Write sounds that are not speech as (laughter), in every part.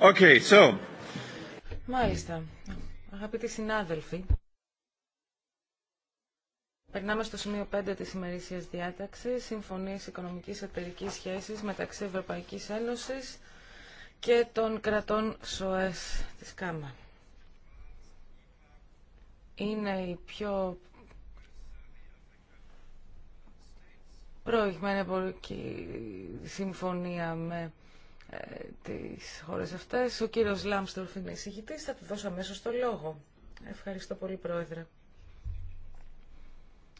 Okay, so. Μάλιστα. Αγαπητοί συνάδελφοι, περνάμε στο σημείο 5 της ημερήσιας διάταξης, Συμφωνίες Οικονομικής Εταιρικής Σχέσης μεταξύ Ευρωπαϊκής Ένωσης και των κρατών ΣΟΕΣ της ΚΑΜΑ. Είναι η πιο προηγμένη συμφωνία με ε, τις χώρες αυτές. Ο κύριος Λάμστορφ είναι εισηγητής, θα του δώσω αμέσω το λόγο. Ευχαριστώ πολύ, Πρόεδρε.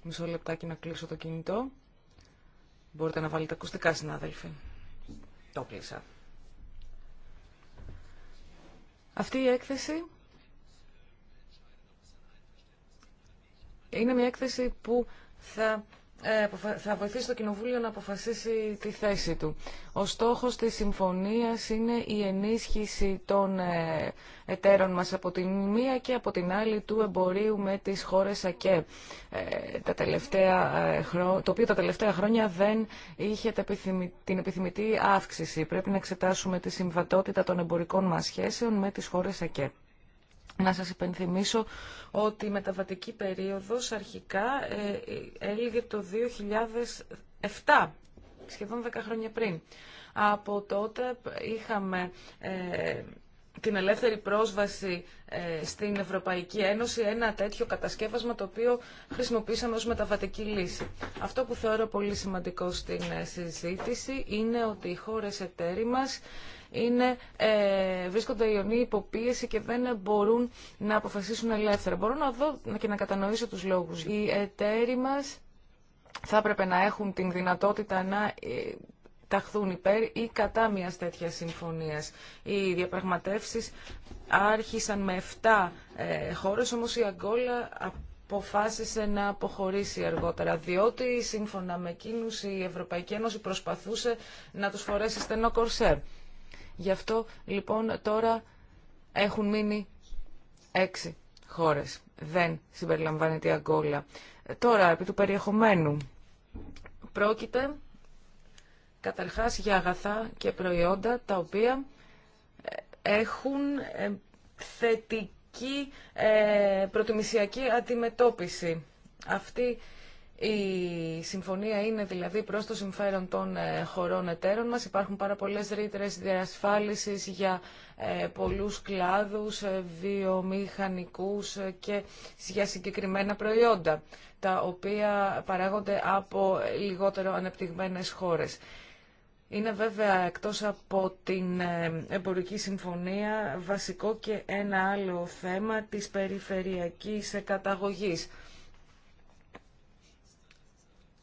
Μισό λεπτάκι να κλείσω το κινητό. Μπορείτε να βάλετε ακουστικά, συνάδελφοι. Το κλείσα. Αυτή η έκθεση είναι μια έκθεση που θα ε, θα βοηθήσει το Κοινοβούλιο να αποφασίσει τη θέση του. Ο στόχος της συμφωνίας είναι η ενίσχυση των ε, εταίρων μας από τη μία και από την άλλη του εμπορίου με τις χώρες ΑΚΕ, ε, το οποίο τα τελευταία χρόνια δεν είχε την επιθυμητή αύξηση. Πρέπει να εξετάσουμε τη συμβατότητα των εμπορικών μας σχέσεων με τις χώρες ΑΚΕ. Να σας υπενθυμίσω ότι η μεταβατική περίοδος αρχικά ε, έλεγε το 2007, σχεδόν 10 χρόνια πριν. Από τότε είχαμε ε, την ελεύθερη πρόσβαση ε, στην Ευρωπαϊκή Ένωση, ένα τέτοιο κατασκεύασμα το οποίο χρησιμοποίησαμε ως μεταβατική λύση. Αυτό που θεωρώ πολύ σημαντικό στην συζήτηση είναι ότι οι χώρες εταίροι μας είναι, ε, βρίσκονται ιονοί υποπίεση και δεν μπορούν να αποφασίσουν ελεύθερα. Μπορώ να δω και να κατανοήσω τους λόγους. Οι εταίροι μας θα έπρεπε να έχουν την δυνατότητα να ε, ταχθούν υπέρ ή κατά μιας τέτοιας συμφωνίας. Οι διαπραγματεύσεις άρχισαν με 7 ε, χώρες, όμως η Αγκόλα αποφάσισε να αποχωρήσει αργότερα, διότι σύμφωνα με εκείνους η Ευρωπαϊκή Ένωση προσπαθούσε να τους φορέσει στενό κορσέρ. Γι' αυτό λοιπόν τώρα έχουν μείνει έξι χώρες. Δεν συμπεριλαμβάνεται η Αγκόλα. Ε, τώρα, επί του περιεχομένου, πρόκειται καταρχάς για αγαθά και προϊόντα τα οποία ε, έχουν ε, θετική προτιμησιακή αντιμετώπιση. Αυτή η συμφωνία είναι δηλαδή προς το συμφέρον των ε, χωρών εταίρων μας. Υπάρχουν πάρα πολλές ρήτρες διασφάλισης για ε, πολλούς κλάδους, ε, βιομηχανικούς και για συγκεκριμένα προϊόντα, τα οποία παράγονται από λιγότερο ανεπτυγμένες χώρες. Είναι βέβαια εκτός από την εμπορική συμφωνία βασικό και ένα άλλο θέμα της περιφερειακής καταγωγής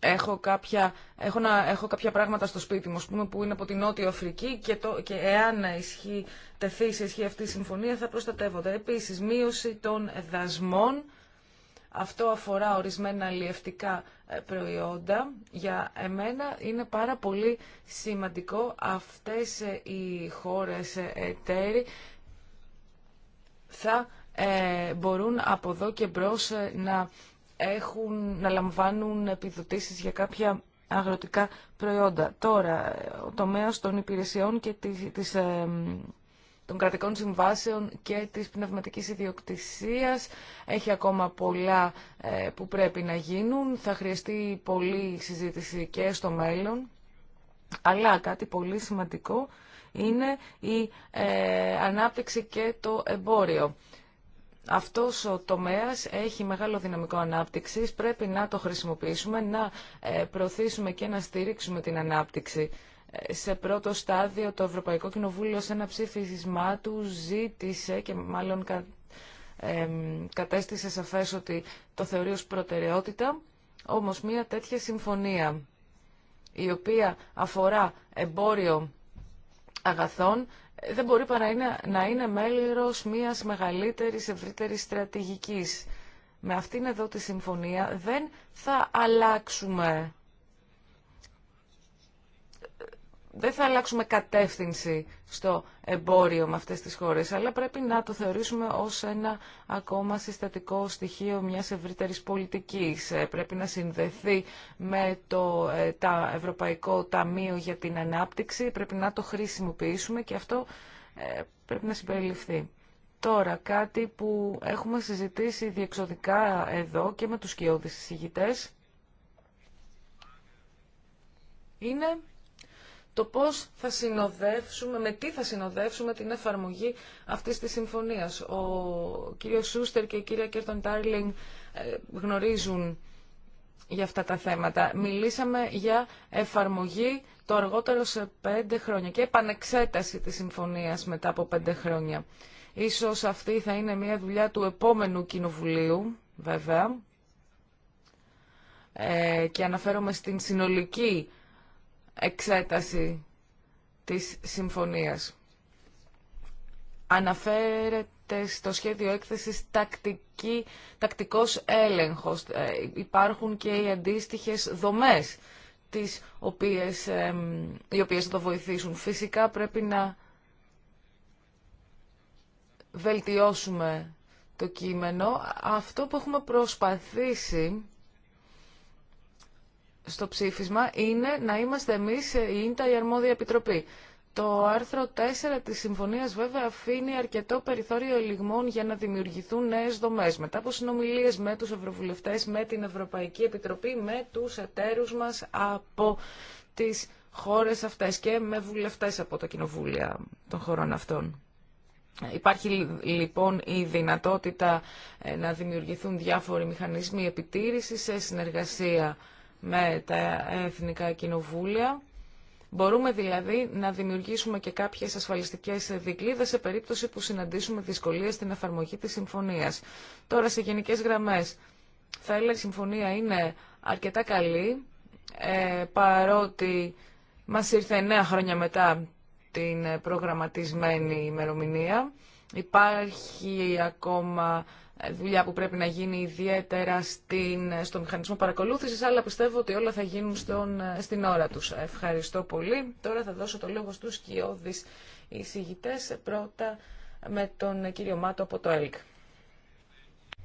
έχω κάποια, έχω, να, έχω κάποια πράγματα στο σπίτι μου, πούμε, που είναι από την Νότια Αφρική και, το, και εάν ισχύει, τεθεί σε ισχύ αυτή η συμφωνία θα προστατεύονται. Επίσης, μείωση των δασμών. Αυτό αφορά ορισμένα αλλιευτικά ε, προϊόντα. Για εμένα είναι πάρα πολύ σημαντικό αυτές ε, οι χώρες ε, εταίροι θα ε, μπορούν από εδώ και μπρος να έχουν, να λαμβάνουν επιδοτήσεις για κάποια αγροτικά προϊόντα. Τώρα, ο τομέας των υπηρεσιών και της, των κρατικών συμβάσεων και της πνευματικής ιδιοκτησίας έχει ακόμα πολλά ε, που πρέπει να γίνουν. Θα χρειαστεί πολλή συζήτηση και στο μέλλον. Αλλά κάτι πολύ σημαντικό είναι η ε, ανάπτυξη και το εμπόριο. Αυτός ο τομέας έχει μεγάλο δυναμικό ανάπτυξης, πρέπει να το χρησιμοποιήσουμε, να ε, προωθήσουμε και να στηρίξουμε την ανάπτυξη. Ε, σε πρώτο στάδιο το Ευρωπαϊκό Κοινοβούλιο σε ένα ψήφισμά του ζήτησε και μάλλον κατέστησε σαφές ότι το θεωρεί ως προτεραιότητα, όμως μια τέτοια συμφωνία η οποία αφορά εμπόριο αγαθών δεν μπορεί παρά να είναι μέλος μιας μεγαλύτερης, ευρύτερης στρατηγικής. Με αυτήν εδώ τη συμφωνία δεν θα αλλάξουμε δεν θα αλλάξουμε κατεύθυνση στο εμπόριο με αυτές τις χώρες, αλλά πρέπει να το θεωρήσουμε ως ένα ακόμα συστατικό στοιχείο μιας ευρύτερης πολιτικής. Ε, πρέπει να συνδεθεί με το ε, τα Ευρωπαϊκό Ταμείο για την Ανάπτυξη, πρέπει να το χρησιμοποιήσουμε και αυτό ε, πρέπει να συμπεριληφθεί. Τώρα, κάτι που έχουμε συζητήσει διεξοδικά εδώ και με τους κοιόδης συζητητές, είναι το πώς θα συνοδεύσουμε, με τι θα συνοδεύσουμε την εφαρμογή αυτής της συμφωνίας. Ο κύριος Σούστερ και η κυρία Κέρτον Τάρλινγκ ε, γνωρίζουν για αυτά τα θέματα. Μιλήσαμε για εφαρμογή το αργότερο σε πέντε χρόνια και επανεξέταση της συμφωνίας μετά από πέντε χρόνια. Ίσως αυτή θα είναι μια δουλειά του επόμενου κοινοβουλίου, βέβαια, ε, και αναφέρομαι στην συνολική εξέταση της συμφωνίας. Αναφέρεται στο σχέδιο έκθεσης τακτική, τακτικός έλεγχος. Ε, υπάρχουν και οι αντίστοιχες δομές τις οποίες, οι οποίες θα το βοηθήσουν. Φυσικά πρέπει να βελτιώσουμε το κείμενο. Αυτό που έχουμε προσπαθήσει στο ψήφισμα είναι να είμαστε εμείς ε, η ΙΝΤΑ η αρμόδια επιτροπή. Το άρθρο 4 της συμφωνίας βέβαια αφήνει αρκετό περιθώριο ελιγμών για να δημιουργηθούν νέες δομές. Μετά από συνομιλίες με τους ευρωβουλευτές, με την Ευρωπαϊκή Επιτροπή, με τους εταίρους μας από τις χώρες αυτές και με βουλευτές από τα κοινοβούλια των χωρών αυτών. Υπάρχει λοιπόν η δυνατότητα ε, να δημιουργηθούν διάφοροι μηχανισμοί επιτήρησης σε συνεργασία με τα εθνικά κοινοβούλια. Μπορούμε δηλαδή να δημιουργήσουμε και κάποιες ασφαλιστικές δικλείδες σε περίπτωση που συναντήσουμε δυσκολίες στην εφαρμογή της συμφωνίας. Τώρα σε γενικές γραμμές θα έλεγα η συμφωνία είναι αρκετά καλή ε, παρότι μας ήρθε 9 χρόνια μετά την προγραμματισμένη ημερομηνία. Υπάρχει ακόμα δουλειά που πρέπει να γίνει ιδιαίτερα στην, στο μηχανισμό παρακολούθησης, αλλά πιστεύω ότι όλα θα γίνουν στον, στην ώρα τους. Ευχαριστώ πολύ. Τώρα θα δώσω το λόγο στους κοιόδης εισηγητές, πρώτα με τον κύριο Μάτο από το ΕΛΚ.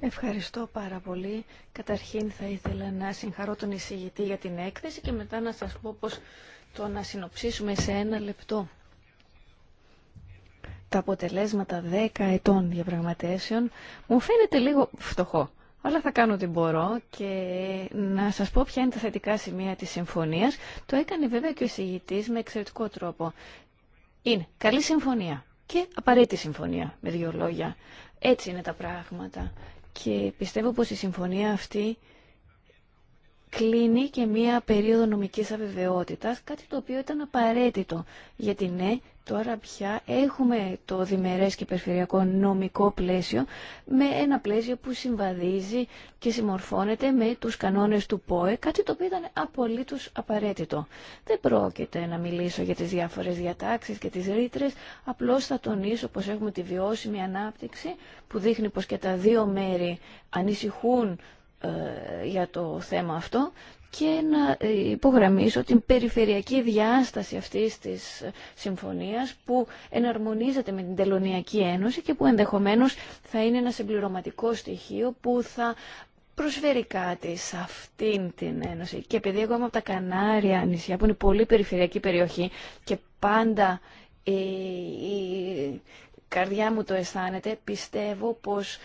Ευχαριστώ πάρα πολύ. Καταρχήν θα ήθελα να συγχαρώ τον εισηγητή για την έκθεση και μετά να σας πω πως το να συνοψίσουμε σε ένα λεπτό τα αποτελέσματα 10 ετών διαπραγματεύσεων μου φαίνεται λίγο φτωχό. Αλλά θα κάνω ό,τι μπορώ και να σας πω ποια είναι τα θετικά σημεία της συμφωνίας. Το έκανε βέβαια και ο συγητή με εξαιρετικό τρόπο. Είναι καλή συμφωνία και απαραίτητη συμφωνία, με δύο λόγια. Έτσι είναι τα πράγματα. Και πιστεύω πως η συμφωνία αυτή κλείνει και μία περίοδο νομικής αβεβαιότητας, κάτι το οποίο ήταν απαραίτητο. Γιατί ναι, τώρα πια έχουμε το διμερές και περιφερειακό νομικό πλαίσιο με ένα πλαίσιο που συμβαδίζει και συμμορφώνεται με τους κανόνες του ΠΟΕ, κάτι το οποίο ήταν απολύτως απαραίτητο. Δεν πρόκειται να μιλήσω για τις διάφορες διατάξεις και τις ρήτρε, απλώς θα τονίσω πως έχουμε τη βιώσιμη ανάπτυξη που δείχνει πως και τα δύο μέρη ανησυχούν ε, για το θέμα αυτό και να ε, υπογραμμίσω την περιφερειακή διάσταση αυτής της ε, συμφωνίας που εναρμονίζεται με την Τελωνιακή Ένωση και που ενδεχομένως θα είναι ένα συμπληρωματικό στοιχείο που θα προσφέρει κάτι σε αυτήν την Ένωση. Και επειδή εγώ είμαι από τα Κανάρια νησιά που είναι πολύ περιφερειακή περιοχή και πάντα η καρδιά μου το αισθάνεται, πιστεύω πως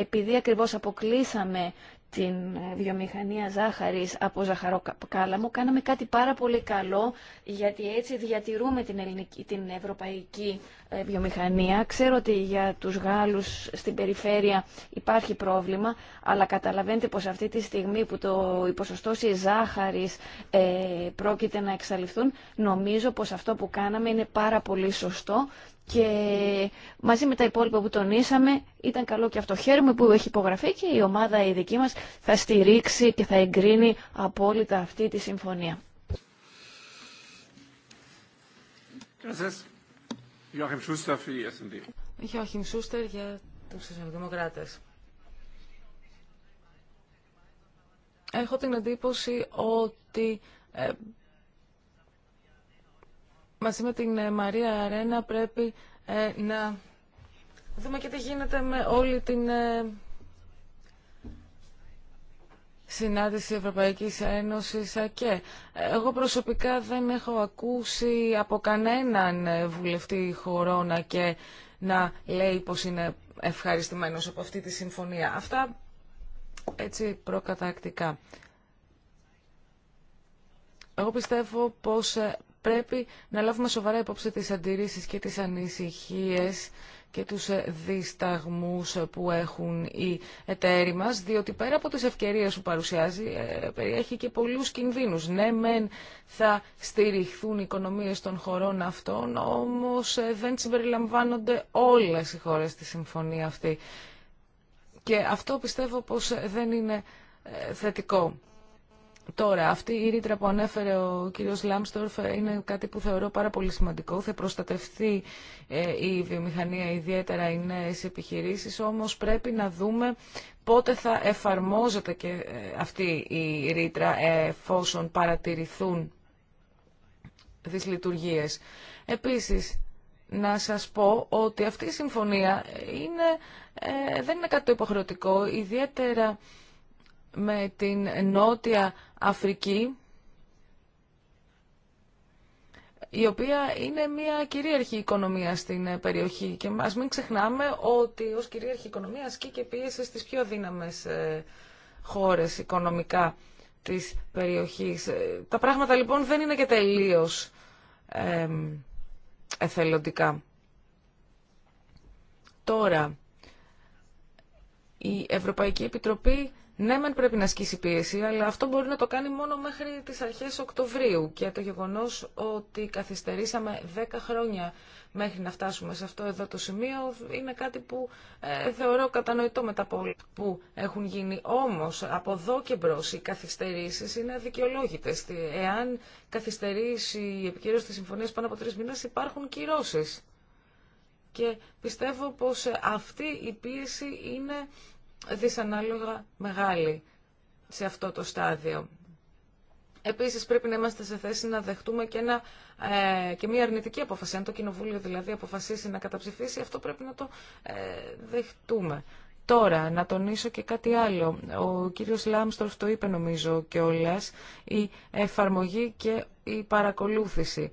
επειδή ακριβώς αποκλείσαμε την βιομηχανία ζάχαρης από ζαχαροκάλαμο, κάναμε κάτι πάρα πολύ καλό, γιατί έτσι διατηρούμε την, ελληνική, την ευρωπαϊκή ε, βιομηχανία. Ξέρω ότι για τους Γάλλους στην περιφέρεια υπάρχει πρόβλημα, αλλά καταλαβαίνετε πως αυτή τη στιγμή που το, οι ζάχαρης ε, πρόκειται να εξαλειφθούν, νομίζω πως αυτό που κάναμε είναι πάρα πολύ σωστό και μαζί με τα υπόλοιπα που τονίσαμε ήταν καλό και αυτό. Χαίρομαι που έχει υπογραφεί και η ομάδα η δική μας θα στηρίξει και θα εγκρίνει απόλυτα αυτή τη συμφωνία. Έχω την εντύπωση ότι ε, μαζί με την ε, Μαρία Αρένα πρέπει ε, να δούμε και τι γίνεται με όλη την ε, συνάντηση Ευρωπαϊκής Ένωσης ΑΚΕ. Εγώ προσωπικά δεν έχω ακούσει από κανέναν ε, βουλευτή χωρών και να λέει πως είναι ευχαριστημένος από αυτή τη συμφωνία. Αυτά έτσι προκατακτικά. Εγώ πιστεύω πως πρέπει να λάβουμε σοβαρά υπόψη τις αντιρρήσεις και τις ανησυχίες και τους ε, δισταγμούς που έχουν οι εταίροι μας, διότι πέρα από τις ευκαιρίες που παρουσιάζει, ε, περιέχει και πολλούς κινδύνους. Ναι, μεν θα στηριχθούν οι οικονομίες των χωρών αυτών, όμως ε, δεν συμπεριλαμβάνονται όλες οι χώρες στη συμφωνία αυτή. Και αυτό πιστεύω πως δεν είναι θετικό. Τώρα, αυτή η ρήτρα που ανέφερε ο κύριος Λάμστορφ είναι κάτι που θεωρώ πάρα πολύ σημαντικό. Θα προστατευτεί ε, η βιομηχανία, ιδιαίτερα οι νέες επιχειρήσεις, όμως πρέπει να δούμε πότε θα εφαρμόζεται και ε, αυτή η ρήτρα εφόσον παρατηρηθούν δυσλειτουργίες. Επίσης, να σας πω ότι αυτή η συμφωνία είναι, ε, δεν είναι κάτι το υποχρεωτικό, ιδιαίτερα με την Νότια Αφρική, η οποία είναι μια κυρίαρχη οικονομία στην περιοχή. Και ας μην ξεχνάμε ότι ως κυρίαρχη οικονομία ασκεί και πίεση στις πιο δύναμες ε, χώρες οικονομικά της περιοχής. Ε, τα πράγματα λοιπόν δεν είναι και τελείως ε, εθελοντικά. Τώρα, η Ευρωπαϊκή Επιτροπή ναι, μεν πρέπει να ασκήσει πίεση, αλλά αυτό μπορεί να το κάνει μόνο μέχρι τι αρχέ Οκτωβρίου και το γεγονό ότι καθυστερήσαμε 10 χρόνια μέχρι να φτάσουμε σε αυτό εδώ το σημείο είναι κάτι που ε, θεωρώ κατανοητό μετά από όλα που έχουν γίνει. όμω από εδώ και μπρο οι καθυστερήσει είναι αδικαιολόγητε. Εάν καθυστερήσει η επικύρωση τη Συμφωνία πάνω από τρει μήνε υπάρχουν κυρώσει. Και πιστεύω πως αυτή η πίεση είναι δυσανάλογα μεγάλη σε αυτό το στάδιο. Επίσης πρέπει να είμαστε σε θέση να δεχτούμε και, ένα, ε, και μια αρνητική απόφαση. Αν το Κοινοβούλιο δηλαδή αποφασίσει να καταψηφίσει, αυτό πρέπει να το ε, δεχτούμε. Τώρα, να τονίσω και κάτι άλλο. Ο κύριος Λάμστορφ το είπε νομίζω κιόλα, η εφαρμογή και η παρακολούθηση.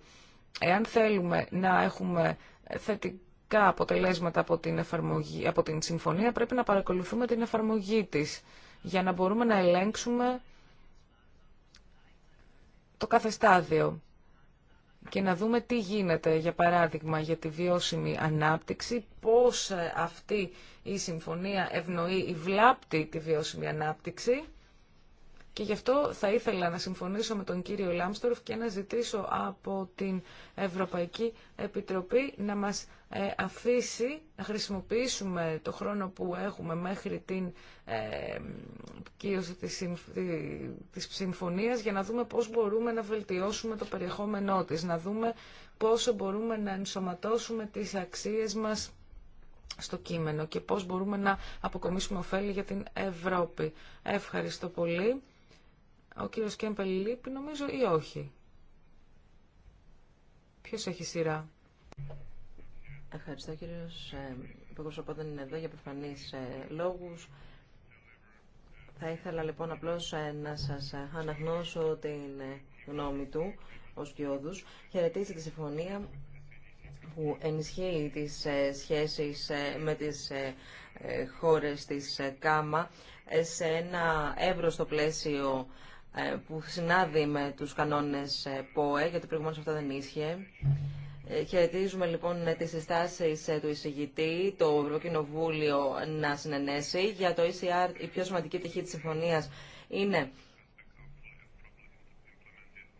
Εάν θέλουμε να έχουμε θετική τα αποτελέσματα από την, εφαρμογή, από την συμφωνία, πρέπει να παρακολουθούμε την εφαρμογή της για να μπορούμε να ελέγξουμε το κάθε και να δούμε τι γίνεται, για παράδειγμα, για τη βιώσιμη ανάπτυξη, πώς αυτή η συμφωνία ευνοεί ή βλάπτει τη βιώσιμη ανάπτυξη και γι' αυτό θα ήθελα να συμφωνήσω με τον κύριο Λάμστορφ και να ζητήσω από την Ευρωπαϊκή Επιτροπή να μας ε, αφήσει να χρησιμοποιήσουμε το χρόνο που έχουμε μέχρι την ε, κύρωση της, της συμφωνίας για να δούμε πώς μπορούμε να βελτιώσουμε το περιεχόμενό της, να δούμε πόσο μπορούμε να ενσωματώσουμε τις αξίες μας στο κείμενο και πώς μπορούμε να αποκομίσουμε ωφέλη για την Ευρώπη. Ευχαριστώ πολύ. Ο κύριος Κέμπελ λείπει νομίζω ή όχι. Ποιος έχει σειρά. Ευχαριστώ κύριος Υπουργός ε, δεν είναι εδώ για προφανείς ε, λόγους. Θα ήθελα λοιπόν απλώς ε, να σας αναγνώσω την γνώμη του ως Γιώδους. Χαιρετίζει τη συμφωνία που ενισχύει τις σχέσεις με τις χώρες της ΚΑΜΑ σε ένα εύρωστο πλαίσιο ε, που συνάδει με τους κανόνες ε, ΠΟΕ, γιατί προηγουμένως αυτό δεν ίσχυε. Ε, χαιρετίζουμε λοιπόν τις συστάσεις του εισηγητή, το Ευρωκοινοβούλιο να συνενέσει. Για το ECR η πιο σημαντική πτυχή της συμφωνίας είναι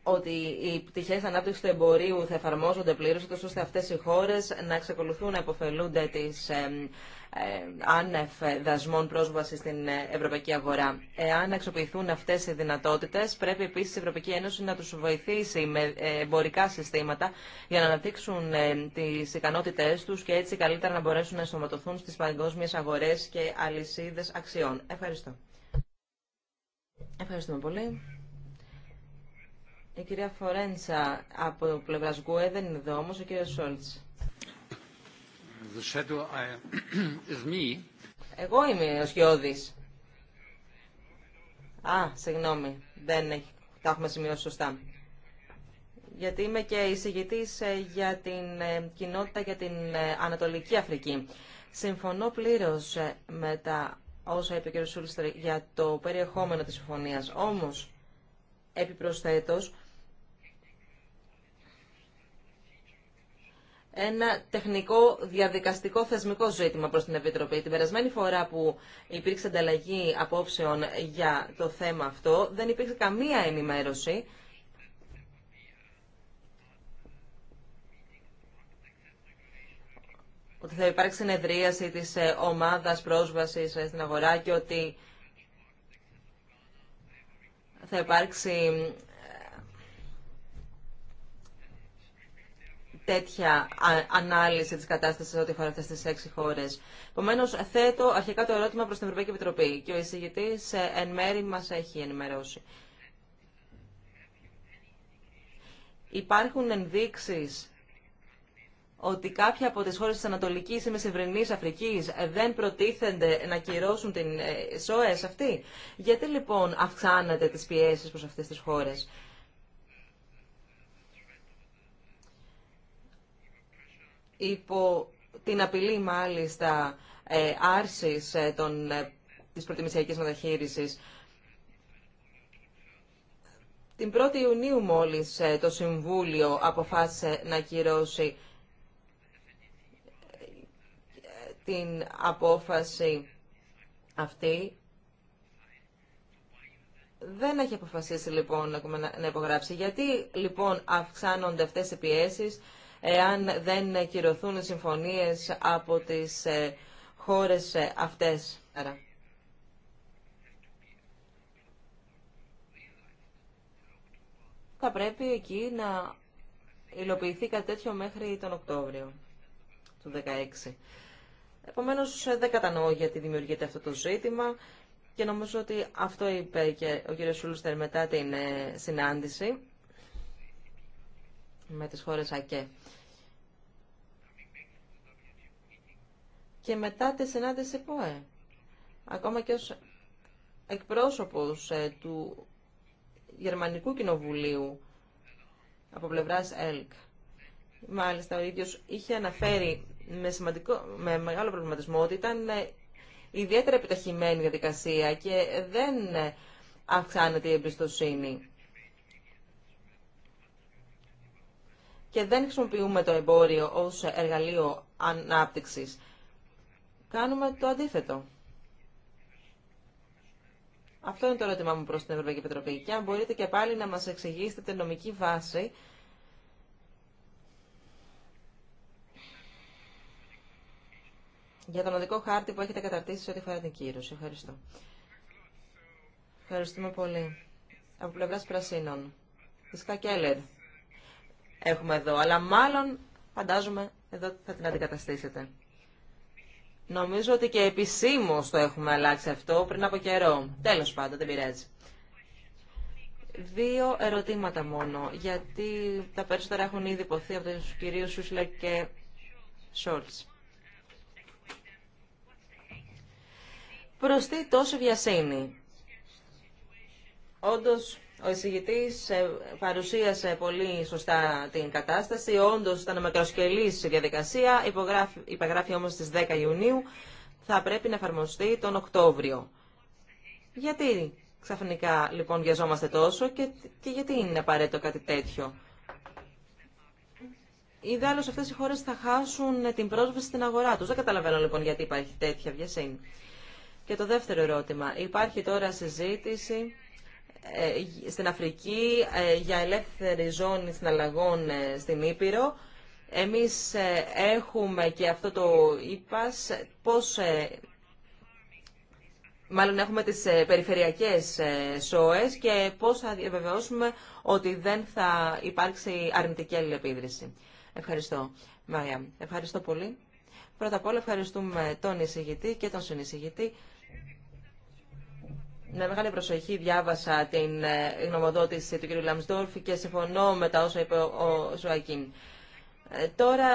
ότι οι πτυχές ανάπτυξη του εμπορίου θα εφαρμόζονται πλήρως, ώστε αυτέ οι χώρε να εξακολουθούν να υποφελούνται τη ε, άνευ δασμών πρόσβαση στην ε, ευρωπαϊκή αγορά. Εάν αξιοποιηθούν αυτέ οι δυνατότητε, πρέπει επίση η Ευρωπαϊκή Ένωση να του βοηθήσει με ε, εμπορικά συστήματα για να αναπτύξουν τι ικανότητε του και έτσι καλύτερα να μπορέσουν να ενσωματωθούν στι παγκόσμιες αγορέ και αλυσίδε αξιών. Ευχαριστώ. Ευχαριστούμε πολύ. Η κυρία Φορέντσα από το πλευρά Γκουέ δεν είναι εδώ όμω, ο κύριο Σόλτ. Ε, (clears throat) Εγώ είμαι ο Σκιώδη. Α, συγγνώμη, δεν έχει, τα έχουμε σημειώσει σωστά. Γιατί είμαι και εισηγητή ε, για την ε, κοινότητα για την Ανατολική Αφρική. Συμφωνώ πλήρω με τα όσα είπε ο κ. Σούλστερ για το περιεχόμενο της συμφωνία. Όμως, επιπροσθέτως, ένα τεχνικό, διαδικαστικό, θεσμικό ζήτημα προς την Επιτροπή. Την περασμένη φορά που υπήρξε ανταλλαγή απόψεων για το θέμα αυτό, δεν υπήρξε καμία ενημέρωση ότι θα υπάρξει συνεδρίαση της ε, ομάδας πρόσβασης ε, στην αγορά και ότι θα υπάρξει τέτοια ανάλυση τη κατάσταση ό,τι αφορά αυτέ τι έξι χώρε. Επομένω, θέτω αρχικά το ερώτημα προ την Ευρωπαϊκή Επιτροπή και ο εισηγητή εν μέρη μας έχει ενημερώσει. Υπάρχουν ενδείξει ότι κάποια από τι χώρε τη Ανατολική ή Μεσηβρινή Αφρική δεν προτίθενται να κυρώσουν την ε, ΣΟΕΣ αυτή. Γιατί λοιπόν αυξάνεται τι πιέσει προ αυτέ τι χώρε. υπό την απειλή μάλιστα ε, άρσης ε, των, ε, της προτιμησιακής μεταχείρισης. Την 1η Ιουνίου μόλις ε, το Συμβούλιο αποφάσισε να κυρώσει ε, την απόφαση αυτή. Δεν έχει αποφασίσει λοιπόν να υπογράψει. Γιατί λοιπόν αυξάνονται αυτές οι πιέσεις εάν δεν κυρωθούν συμφωνίες από τις ε, χώρες ε, αυτές. Θα πρέπει εκεί να υλοποιηθεί κάτι τέτοιο μέχρι τον Οκτώβριο του 2016. Επομένως ε, δεν κατανοώ γιατί δημιουργείται αυτό το ζήτημα και νομίζω ότι αυτό είπε και ο κ. Σούλουστερ μετά την συνάντηση με τις χώρες ΑΚΕ. και μετά τη συνάντηση ΠΟΕ. Ακόμα και ως εκπρόσωπος ε, του Γερμανικού Κοινοβουλίου από πλευράς ΕΛΚ. Μάλιστα, ο ίδιος είχε αναφέρει με, σημαντικό, με μεγάλο προβληματισμό ότι ήταν ε, ιδιαίτερα επιταχυμένη διαδικασία και δεν ε, αυξάνεται η εμπιστοσύνη. Και δεν χρησιμοποιούμε το εμπόριο ως εργαλείο ανάπτυξης κάνουμε το αντίθετο. Αυτό είναι το ερώτημά μου προς την Ευρωπαϊκή Επιτροπή. Και αν μπορείτε και πάλι να μας εξηγήσετε την νομική βάση για τον οδικό χάρτη που έχετε καταρτήσει σε ό,τι φορά την κύρωση. Ευχαριστώ. Ευχαριστούμε πολύ. Από πλευρά Πρασίνων. Φυσικά και Έχουμε εδώ, αλλά μάλλον φαντάζομαι εδώ θα την αντικαταστήσετε. Νομίζω ότι και επισήμω το έχουμε αλλάξει αυτό πριν από καιρό. Τέλο πάντων, δεν πειράζει. Δύο ερωτήματα μόνο, γιατί τα περισσότερα έχουν ήδη υποθεί από του κυρίου Σούσλε και Σόλτ. Προς τι τόσο βιασύνη. όντω. Ο εισηγητή ε, παρουσίασε πολύ σωστά την κατάσταση. όντω ήταν μακροσκελή η διαδικασία, υπογράφει, υπεγράφει όμως στι 10 Ιουνίου. Θα πρέπει να εφαρμοστεί τον Οκτώβριο. Γιατί ξαφνικά λοιπόν βιαζόμαστε τόσο και, και γιατί είναι απαραίτητο κάτι τέτοιο. Ιδάλω αυτέ οι χώρε θα χάσουν την πρόσβαση στην αγορά του. Δεν καταλαβαίνω λοιπόν γιατί υπάρχει τέτοια βιασύνη. Και το δεύτερο ερώτημα. Υπάρχει τώρα συζήτηση ε, στην Αφρική ε, για ελεύθερη ζώνη συναλλαγών ε, στην Ήπειρο. Εμείς έχουμε και αυτό το ΙΠΑΣ, πώς, μάλλον έχουμε τις περιφερειακές ΣΟΕΣ και πώς θα διαβεβαιώσουμε ότι δεν θα υπάρξει αρνητική αλληλεπίδρυση. Ευχαριστώ, Μαρία. Ευχαριστώ πολύ. Πρώτα απ' όλα ευχαριστούμε τον εισηγητή και τον συνεισηγητή με μεγάλη προσοχή διάβασα την ε, γνωμοδότηση του κ. Λαμσδόρφη και συμφωνώ με τα όσα είπε ο Ζωακίν. Ε, τώρα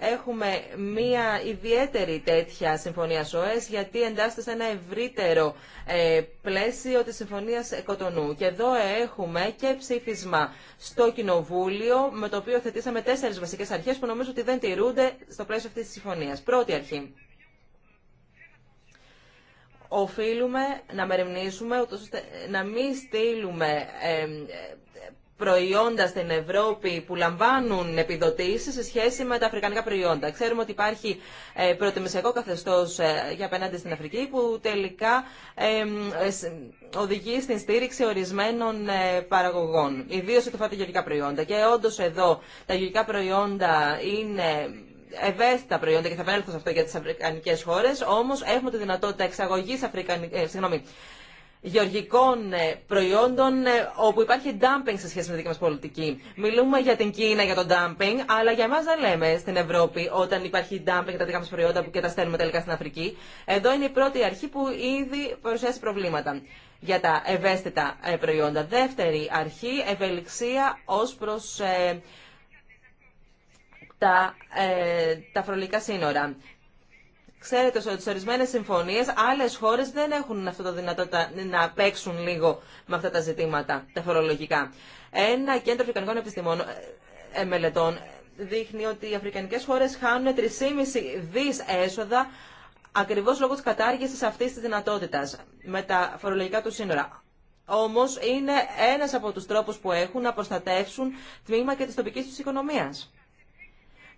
έχουμε μία ιδιαίτερη τέτοια συμφωνία ΣΟΕΣ γιατί εντάσσεται σε ένα ευρύτερο ε, πλαίσιο της συμφωνίας Κοτονού. Και εδώ έχουμε και ψήφισμα στο Κοινοβούλιο με το οποίο θετήσαμε τέσσερις βασικές αρχές που νομίζω ότι δεν τηρούνται στο πλαίσιο αυτής της συμφωνίας. Πρώτη αρχή οφείλουμε να μεριμνήσουμε ώστε να μην στείλουμε προϊόντα στην Ευρώπη που λαμβάνουν επιδοτήσεις σε σχέση με τα αφρικανικά προϊόντα. Ξέρουμε ότι υπάρχει ε, προτιμησιακό καθεστώς ε, για απέναντι στην Αφρική που τελικά οδηγεί στην στήριξη ορισμένων ε, παραγωγών, ιδίως ότι φάτε γεωργικά προϊόντα. Και όντως εδώ τα γεωργικά προϊόντα είναι ευαίσθητα προϊόντα και θα επανέλθω σε αυτό για τι αφρικανικέ χώρε, όμω έχουμε τη δυνατότητα εξαγωγή ε, συγγνώμη, γεωργικών ε, προϊόντων ε, όπου υπάρχει dumping σε σχέση με τη δική μα πολιτική. Μιλούμε για την Κίνα για το dumping, αλλά για εμά δεν λέμε στην Ευρώπη όταν υπάρχει dumping για τα δικά μα προϊόντα που και τα στέλνουμε τελικά στην Αφρική. Εδώ είναι η πρώτη αρχή που ήδη παρουσιάζει προβλήματα για τα ευαίσθητα προϊόντα. Δεύτερη αρχή, ευελιξία ως προς τα, ε, τα φρολικά σύνορα. Ξέρετε ότι σε ορισμένε συμφωνίε άλλε χώρε δεν έχουν αυτή τη δυνατότητα να παίξουν λίγο με αυτά τα ζητήματα, τα φορολογικά. Ένα κέντρο Αφρικανικών Επιστημών ε, Μελετών δείχνει ότι οι Αφρικανικέ χώρε χάνουν 3,5 δι έσοδα ακριβώ λόγω τη κατάργηση αυτή τη δυνατότητα με τα φορολογικά του σύνορα. Όμω είναι ένα από του τρόπου που έχουν να προστατεύσουν τμήμα και τη τοπική του οικονομία.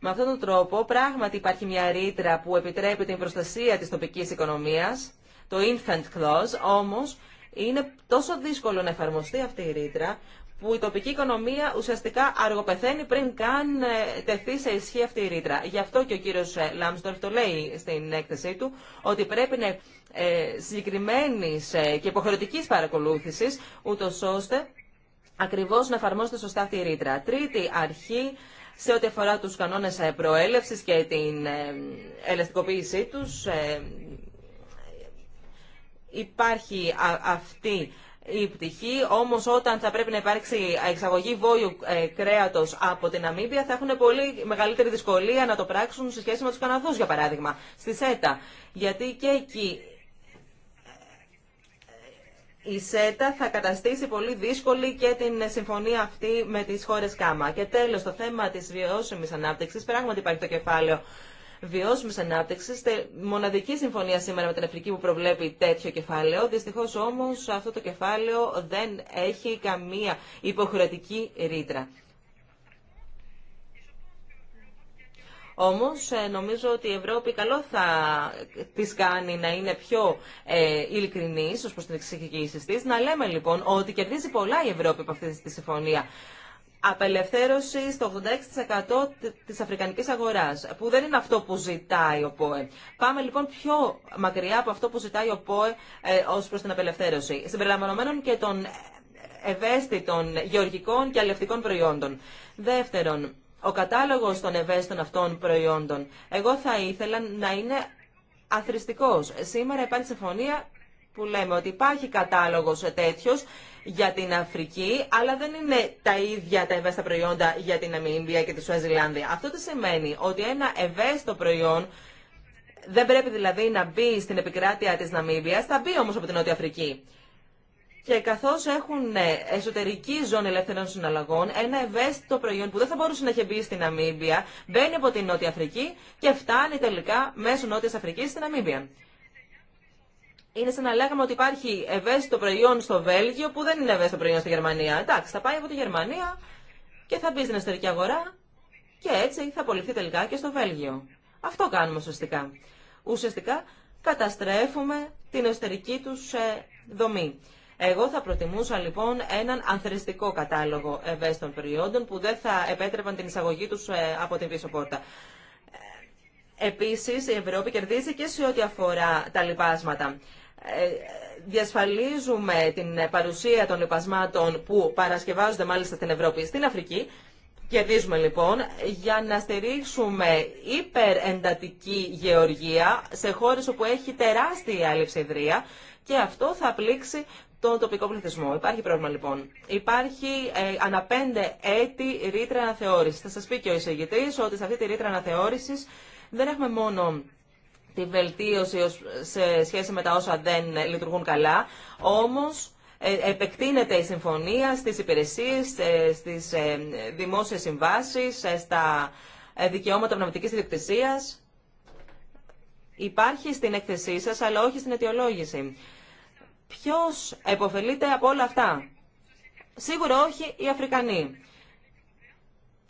Με αυτόν τον τρόπο πράγματι υπάρχει μια ρήτρα που επιτρέπει την προστασία της τοπικής οικονομίας, το infant clause, όμως είναι τόσο δύσκολο να εφαρμοστεί αυτή η ρήτρα που η τοπική οικονομία ουσιαστικά αργοπεθαίνει πριν καν ε, τεθεί σε ισχύ αυτή η ρήτρα. Γι' αυτό και ο κύριος ε, Λάμστορφ το λέει στην έκθεσή του, ότι πρέπει να ε, συγκεκριμένη και υποχρεωτική παρακολούθηση, ούτω ώστε ακριβώ να εφαρμόσετε σωστά αυτή η ρήτρα. Τρίτη αρχή, σε ό,τι αφορά τους κανόνες ε, προέλευσης και την ε, ελαστικοποίησή τους. Ε, υπάρχει αυτή η πτυχή, όμως όταν θα πρέπει να υπάρξει εξαγωγή βόλιου κρέατος από την Αμήμπια θα έχουν πολύ μεγαλύτερη δυσκολία να το πράξουν σε σχέση με τους Καναδούς, για παράδειγμα, στη ΣΕΤΑ. Γιατί και εκεί η ΣΕΤΑ θα καταστήσει πολύ δύσκολη και την συμφωνία αυτή με τις χώρες ΚΑΜΑ. Και τέλος, το θέμα της βιώσιμης ανάπτυξης, πράγματι υπάρχει το κεφάλαιο βιώσιμης ανάπτυξης, μοναδική συμφωνία σήμερα με την Αφρική που προβλέπει τέτοιο κεφάλαιο. Δυστυχώς όμως αυτό το κεφάλαιο δεν έχει καμία υποχρεωτική ρήτρα. Όμως ε, νομίζω ότι η Ευρώπη καλό θα τη κάνει να είναι πιο ε, ειλικρινής ως προς την τη. της. Να λέμε λοιπόν ότι κερδίζει πολλά η Ευρώπη από αυτή τη συμφωνία. Απελευθέρωση στο 86% της αφρικανικής αγοράς, που δεν είναι αυτό που ζητάει ο ΠΟΕ. Πάμε λοιπόν πιο μακριά από αυτό που ζητάει ο ΠΟΕ ε, ως προς την απελευθέρωση. Συμπεριλαμβανομένων και των ευαίσθητων γεωργικών και αλευτικών προϊόντων. Δεύτερον, ο κατάλογος των ευαίσθητων αυτών προϊόντων. Εγώ θα ήθελα να είναι αθρηστικός. Σήμερα υπάρχει συμφωνία που λέμε ότι υπάρχει κατάλογος τέτοιος για την Αφρική, αλλά δεν είναι τα ίδια τα ευαίσθητα προϊόντα για την Αμίμπια και τη Σουαζιλάνδη. Αυτό τι σημαίνει, ότι ένα ευαίσθητο προϊόν δεν πρέπει δηλαδή να μπει στην επικράτεια της Ναμίμπιας, θα μπει όμως από την Νότια Αφρική. Και καθώ έχουν ε, εσωτερική ζώνη ελεύθερων συναλλαγών, ένα ευαίσθητο προϊόν που δεν θα μπορούσε να έχει μπει στην Αμίμπια, μπαίνει από την Νότια Αφρική και φτάνει τελικά μέσω Νότια Αφρική στην Αμίμπια. Είναι σαν να λέγαμε ότι υπάρχει ευαίσθητο προϊόν στο Βέλγιο που δεν είναι ευαίσθητο προϊόν στη Γερμανία. Εντάξει, θα πάει από τη Γερμανία και θα μπει στην εσωτερική αγορά και έτσι θα απολυθεί τελικά και στο Βέλγιο. Αυτό κάνουμε ουσιαστικά. Ουσιαστικά καταστρέφουμε την εσωτερική του ε, δομή. Εγώ θα προτιμούσα λοιπόν έναν ανθρεστικό κατάλογο ευαίσθητων προϊόντων που δεν θα επέτρεπαν την εισαγωγή τους ε, από την πίσω πόρτα. Ε, επίσης, η Ευρώπη κερδίζει και σε ό,τι αφορά τα λοιπάσματα. Ε, διασφαλίζουμε την παρουσία των λοιπασμάτων που παρασκευάζονται μάλιστα στην Ευρώπη στην Αφρική. Κερδίζουμε λοιπόν για να στηρίξουμε υπερεντατική γεωργία σε χώρες όπου έχει τεράστια αλληψιδρία και αυτό θα πλήξει τον τοπικό πληθυσμό. Υπάρχει πρόβλημα λοιπόν. Υπάρχει ε, ανά πέντε έτη ρήτρα αναθεώρηση. Θα σα πει και ο εισηγητή ότι σε αυτή τη ρήτρα αναθεώρηση δεν έχουμε μόνο τη βελτίωση σε σχέση με τα όσα δεν λειτουργούν καλά, όμως ε, επεκτείνεται η συμφωνία στις υπηρεσίες, ε, στις ε, δημόσιες συμβάσεις, στα δικαιώματα πνευματική ιδιοκτησίας. Υπάρχει στην έκθεσή σας, αλλά όχι στην αιτιολόγηση. Ποιος επωφελείται από όλα αυτά. Σίγουρα όχι οι Αφρικανοί.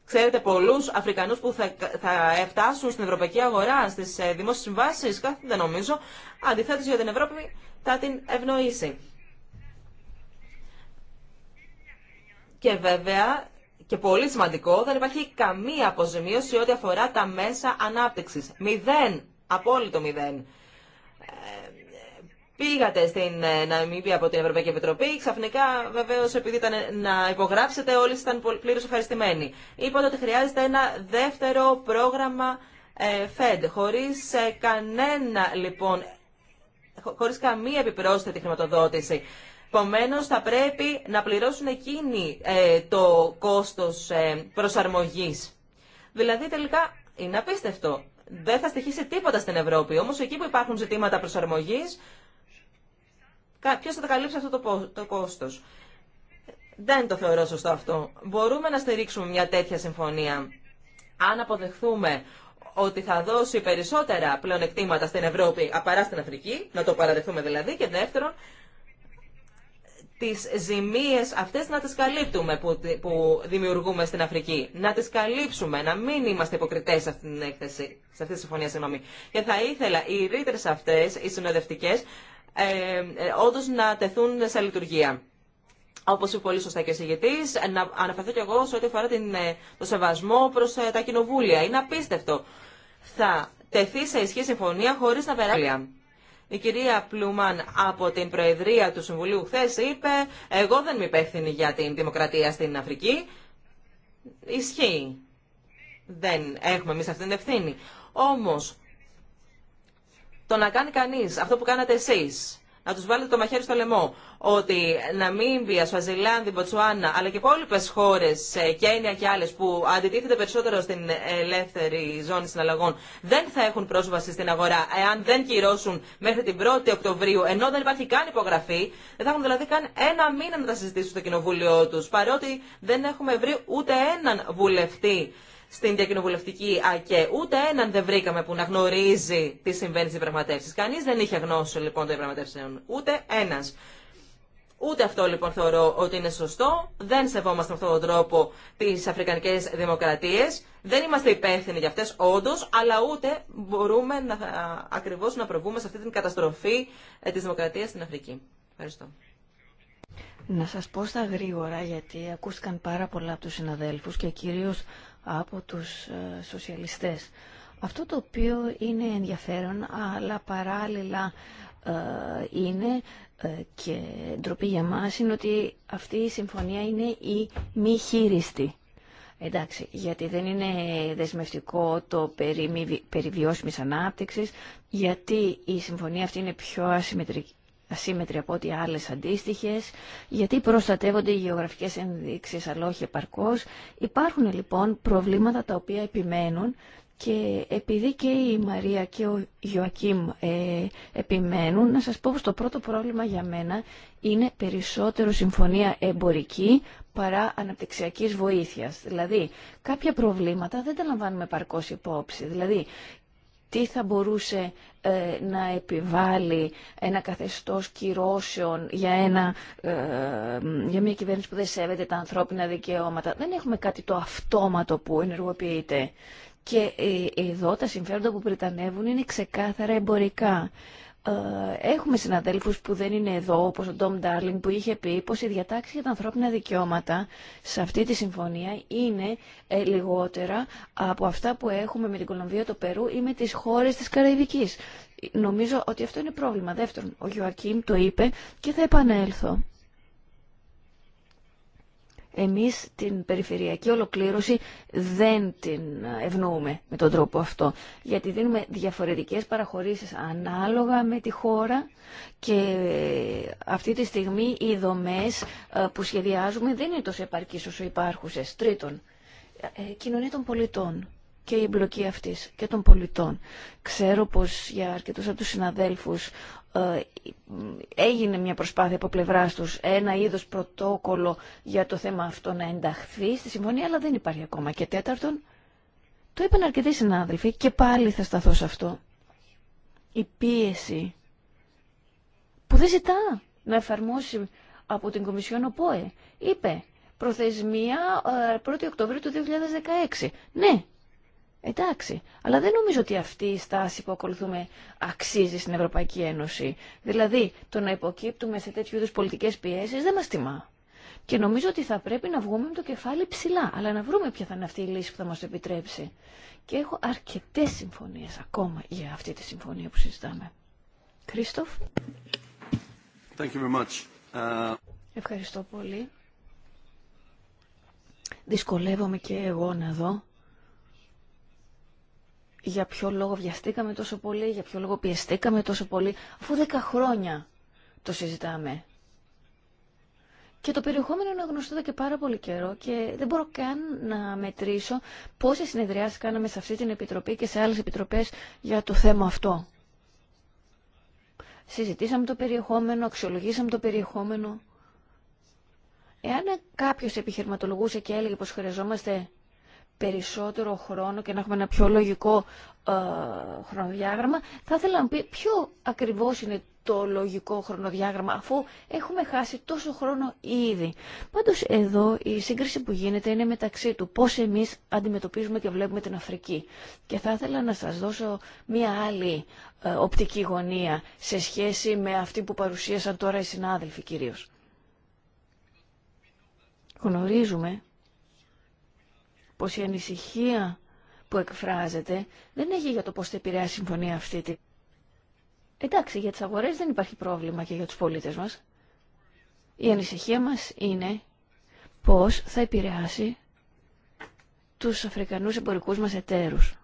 Ξέρετε πολλούς Αφρικανούς που θα, θα εφτάσουν στην ευρωπαϊκή αγορά, στις ε, δημόσιες συμβάσεις, δεν νομίζω. Αντιθέτως για την Ευρώπη θα την ευνοήσει. Και βέβαια, και πολύ σημαντικό, δεν υπάρχει καμία αποζημίωση ό,τι αφορά τα μέσα ανάπτυξης. Μηδέν, απόλυτο μηδέν. Ε, Πήγατε στην ε, Ναμίβια από την Ευρωπαϊκή Επιτροπή. Ξαφνικά, βεβαίω, επειδή ήταν ε, να υπογράψετε, όλοι ήταν πλήρω ευχαριστημένοι. Είπατε ότι χρειάζεται ένα δεύτερο πρόγραμμα ΦΕΔ, χωρίς ε, κανένα, λοιπόν, χωρί καμία επιπρόσθετη χρηματοδότηση. Επομένω, θα πρέπει να πληρώσουν εκείνοι το κόστο ε, προσαρμογής. Δηλαδή, τελικά, είναι απίστευτο. Δεν θα στοιχήσει τίποτα στην Ευρώπη. Όμω εκεί που υπάρχουν ζητήματα προσαρμογή. Ποιο θα τα καλύψει αυτό το, το κόστο. Δεν το θεωρώ σωστό αυτό. Μπορούμε να στηρίξουμε μια τέτοια συμφωνία αν αποδεχθούμε ότι θα δώσει περισσότερα πλεονεκτήματα στην Ευρώπη παρά στην Αφρική, να το παραδεχθούμε δηλαδή, και δεύτερον, τις ζημίες αυτές να τις καλύπτουμε που, δημιουργούμε στην Αφρική. Να τις καλύψουμε, να μην είμαστε υποκριτές σε αυτή την έκθεση, σε αυτή τη συμφωνία, συγγνώμη. Και θα ήθελα οι ρήτρε αυτές, οι συνοδευτικές, ε, ε, όντω να τεθούν σε λειτουργία. Όπω είπε πολύ σωστά και ο συγγετή, να αναφερθώ κι εγώ σε ό,τι αφορά την, ε, το σεβασμό προ τα κοινοβούλια. Είναι απίστευτο. Θα τεθεί σε ισχύ συμφωνία χωρί να περάσει. Η κυρία Πλούμαν από την Προεδρία του Συμβουλίου χθε είπε «Εγώ δεν είμαι υπεύθυνη για την δημοκρατία στην Αφρική». Ισχύει. Δεν έχουμε εμεί αυτή την ευθύνη. Όμως, το να κάνει κανεί αυτό που κάνατε εσεί, να του βάλετε το μαχαίρι στο λαιμό, ότι Ναμίμπια, Σουαζιλάνδη, Μποτσουάνα, αλλά και υπόλοιπε χώρε, ε, Κένια και άλλε που αντιτίθεται περισσότερο στην ελεύθερη ζώνη συναλλαγών, δεν θα έχουν πρόσβαση στην αγορά εάν δεν κυρώσουν μέχρι την 1η Οκτωβρίου, ενώ δεν υπάρχει καν υπογραφή, δεν θα έχουν δηλαδή καν ένα μήνα να τα συζητήσουν στο κοινοβούλιο του. παρότι δεν έχουμε βρει ούτε έναν βουλευτή στην διακοινοβουλευτική ΑΚΕ. Ούτε έναν δεν βρήκαμε που να γνωρίζει τι συμβαίνει στι διαπραγματεύσει. Κανεί δεν είχε γνώση λοιπόν των διαπραγματεύσεων. Ούτε ένα. Ούτε αυτό λοιπόν θεωρώ ότι είναι σωστό. Δεν σεβόμαστε με αυτόν τον τρόπο τι αφρικανικέ δημοκρατίε. Δεν είμαστε υπεύθυνοι για αυτέ, όντω, αλλά ούτε μπορούμε να, ακριβώ να προβούμε σε αυτή την καταστροφή ε, τη δημοκρατία στην Αφρική. Ευχαριστώ. Να σας πω στα γρήγορα, γιατί ακούστηκαν πάρα πολλά από τους συναδέλφους και κυρίως από τους ε, σοσιαλιστές. Αυτό το οποίο είναι ενδιαφέρον, αλλά παράλληλα ε, είναι ε, και ντροπή για μας, είναι ότι αυτή η συμφωνία είναι η μη χείριστη. Εντάξει, γιατί δεν είναι δεσμευτικό το περί, περιβιώσιμης ανάπτυξης, γιατί η συμφωνία αυτή είναι πιο ασυμμετρική ασύμμετρη από ό,τι άλλε αντίστοιχε, γιατί προστατεύονται οι γεωγραφικέ ενδείξει, αλλά όχι Υπάρχουν λοιπόν προβλήματα τα οποία επιμένουν και επειδή και η Μαρία και ο Ιωακήμ ε, επιμένουν, να σας πω πως το πρώτο πρόβλημα για μένα είναι περισσότερο συμφωνία εμπορική παρά αναπτυξιακής βοήθεια Δηλαδή, κάποια προβλήματα δεν τα λαμβάνουμε παρκώς υπόψη. Δηλαδή, τι θα μπορούσε ε, να επιβάλλει ένα καθεστώς κυρώσεων για, ένα, ε, για μια κυβέρνηση που δεν σέβεται τα ανθρώπινα δικαιώματα. Δεν έχουμε κάτι το αυτόματο που ενεργοποιείται. Και ε, εδώ τα συμφέροντα που πριτανεύουν είναι ξεκάθαρα εμπορικά. Ε, έχουμε συναδέλφους που δεν είναι εδώ, όπως ο Ντόμ Ντάρλινγκ που είχε πει πως η διατάξεις για τα ανθρώπινα δικαιώματα σε αυτή τη συμφωνία είναι ε, λιγότερα από αυτά που έχουμε με την Κολομβία, το Περού ή με τις χώρες της Καραϊβικής. Νομίζω ότι αυτό είναι πρόβλημα. Δεύτερον, ο Γιωακίμ το είπε και θα επανέλθω. Εμείς την περιφερειακή ολοκλήρωση δεν την ευνοούμε με τον τρόπο αυτό, γιατί δίνουμε διαφορετικές παραχωρήσεις ανάλογα με τη χώρα και αυτή τη στιγμή οι δομές ε, που σχεδιάζουμε δεν είναι τόσο επαρκείς όσο υπάρχουσες. Τρίτον, ε, κοινωνία των πολιτών και η εμπλοκή αυτής και των πολιτών. Ξέρω πως για αρκετούς από τους συναδέλφους ε, έγινε μια προσπάθεια από πλευρά του ένα είδο πρωτόκολλο για το θέμα αυτό να ενταχθεί στη συμφωνία, αλλά δεν υπάρχει ακόμα. Και τέταρτον, το είπαν αρκετοί συνάδελφοι και πάλι θα σταθώ σε αυτό. Η πίεση που δεν ζητά να εφαρμόσει από την Κομισιόν ΟΠΟΕ. Είπε προθεσμία 1η ε, Οκτωβρίου του 2016. Ναι, Εντάξει, αλλά δεν νομίζω ότι αυτή η στάση που ακολουθούμε αξίζει στην Ευρωπαϊκή Ένωση. Δηλαδή, το να υποκύπτουμε σε τέτοιου είδου πολιτικέ πιέσει δεν μα τιμά. Και νομίζω ότι θα πρέπει να βγούμε με το κεφάλι ψηλά, αλλά να βρούμε ποια θα είναι αυτή η λύση που θα μα επιτρέψει. Και έχω αρκετέ συμφωνίε ακόμα για αυτή τη συμφωνία που συζητάμε. Κρίστοφ. Uh, Ευχαριστώ πολύ. Δυσκολεύομαι και εγώ να δω για ποιο λόγο βιαστήκαμε τόσο πολύ, για ποιο λόγο πιεστήκαμε τόσο πολύ, αφού δέκα χρόνια το συζητάμε. Και το περιεχόμενο είναι γνωστό εδώ και πάρα πολύ καιρό και δεν μπορώ καν να μετρήσω πόσες συνεδριάσεις κάναμε σε αυτή την Επιτροπή και σε άλλες Επιτροπές για το θέμα αυτό. Συζητήσαμε το περιεχόμενο, αξιολογήσαμε το περιεχόμενο. Εάν κάποιος επιχειρηματολογούσε και έλεγε πως χρειαζόμαστε περισσότερο χρόνο και να έχουμε ένα πιο λογικό ε, χρονοδιάγραμμα. Θα ήθελα να πει ποιο ακριβώς είναι το λογικό χρονοδιάγραμμα αφού έχουμε χάσει τόσο χρόνο ήδη. Πάντως εδώ η σύγκριση που γίνεται είναι μεταξύ του πώς εμείς αντιμετωπίζουμε και βλέπουμε την Αφρική. Και θα ήθελα να σας δώσω μία άλλη ε, οπτική γωνία σε σχέση με αυτή που παρουσίασαν τώρα οι συνάδελφοι κυρίω. Γνωρίζουμε πως η ανησυχία που εκφράζεται δεν έχει για το πώς θα επηρεάσει η συμφωνία αυτή. Εντάξει, για τις αγορές δεν υπάρχει πρόβλημα και για τους πολίτες μας. Η ανησυχία μας είναι πώς θα επηρεάσει τους Αφρικανούς εμπορικούς μας εταίρους.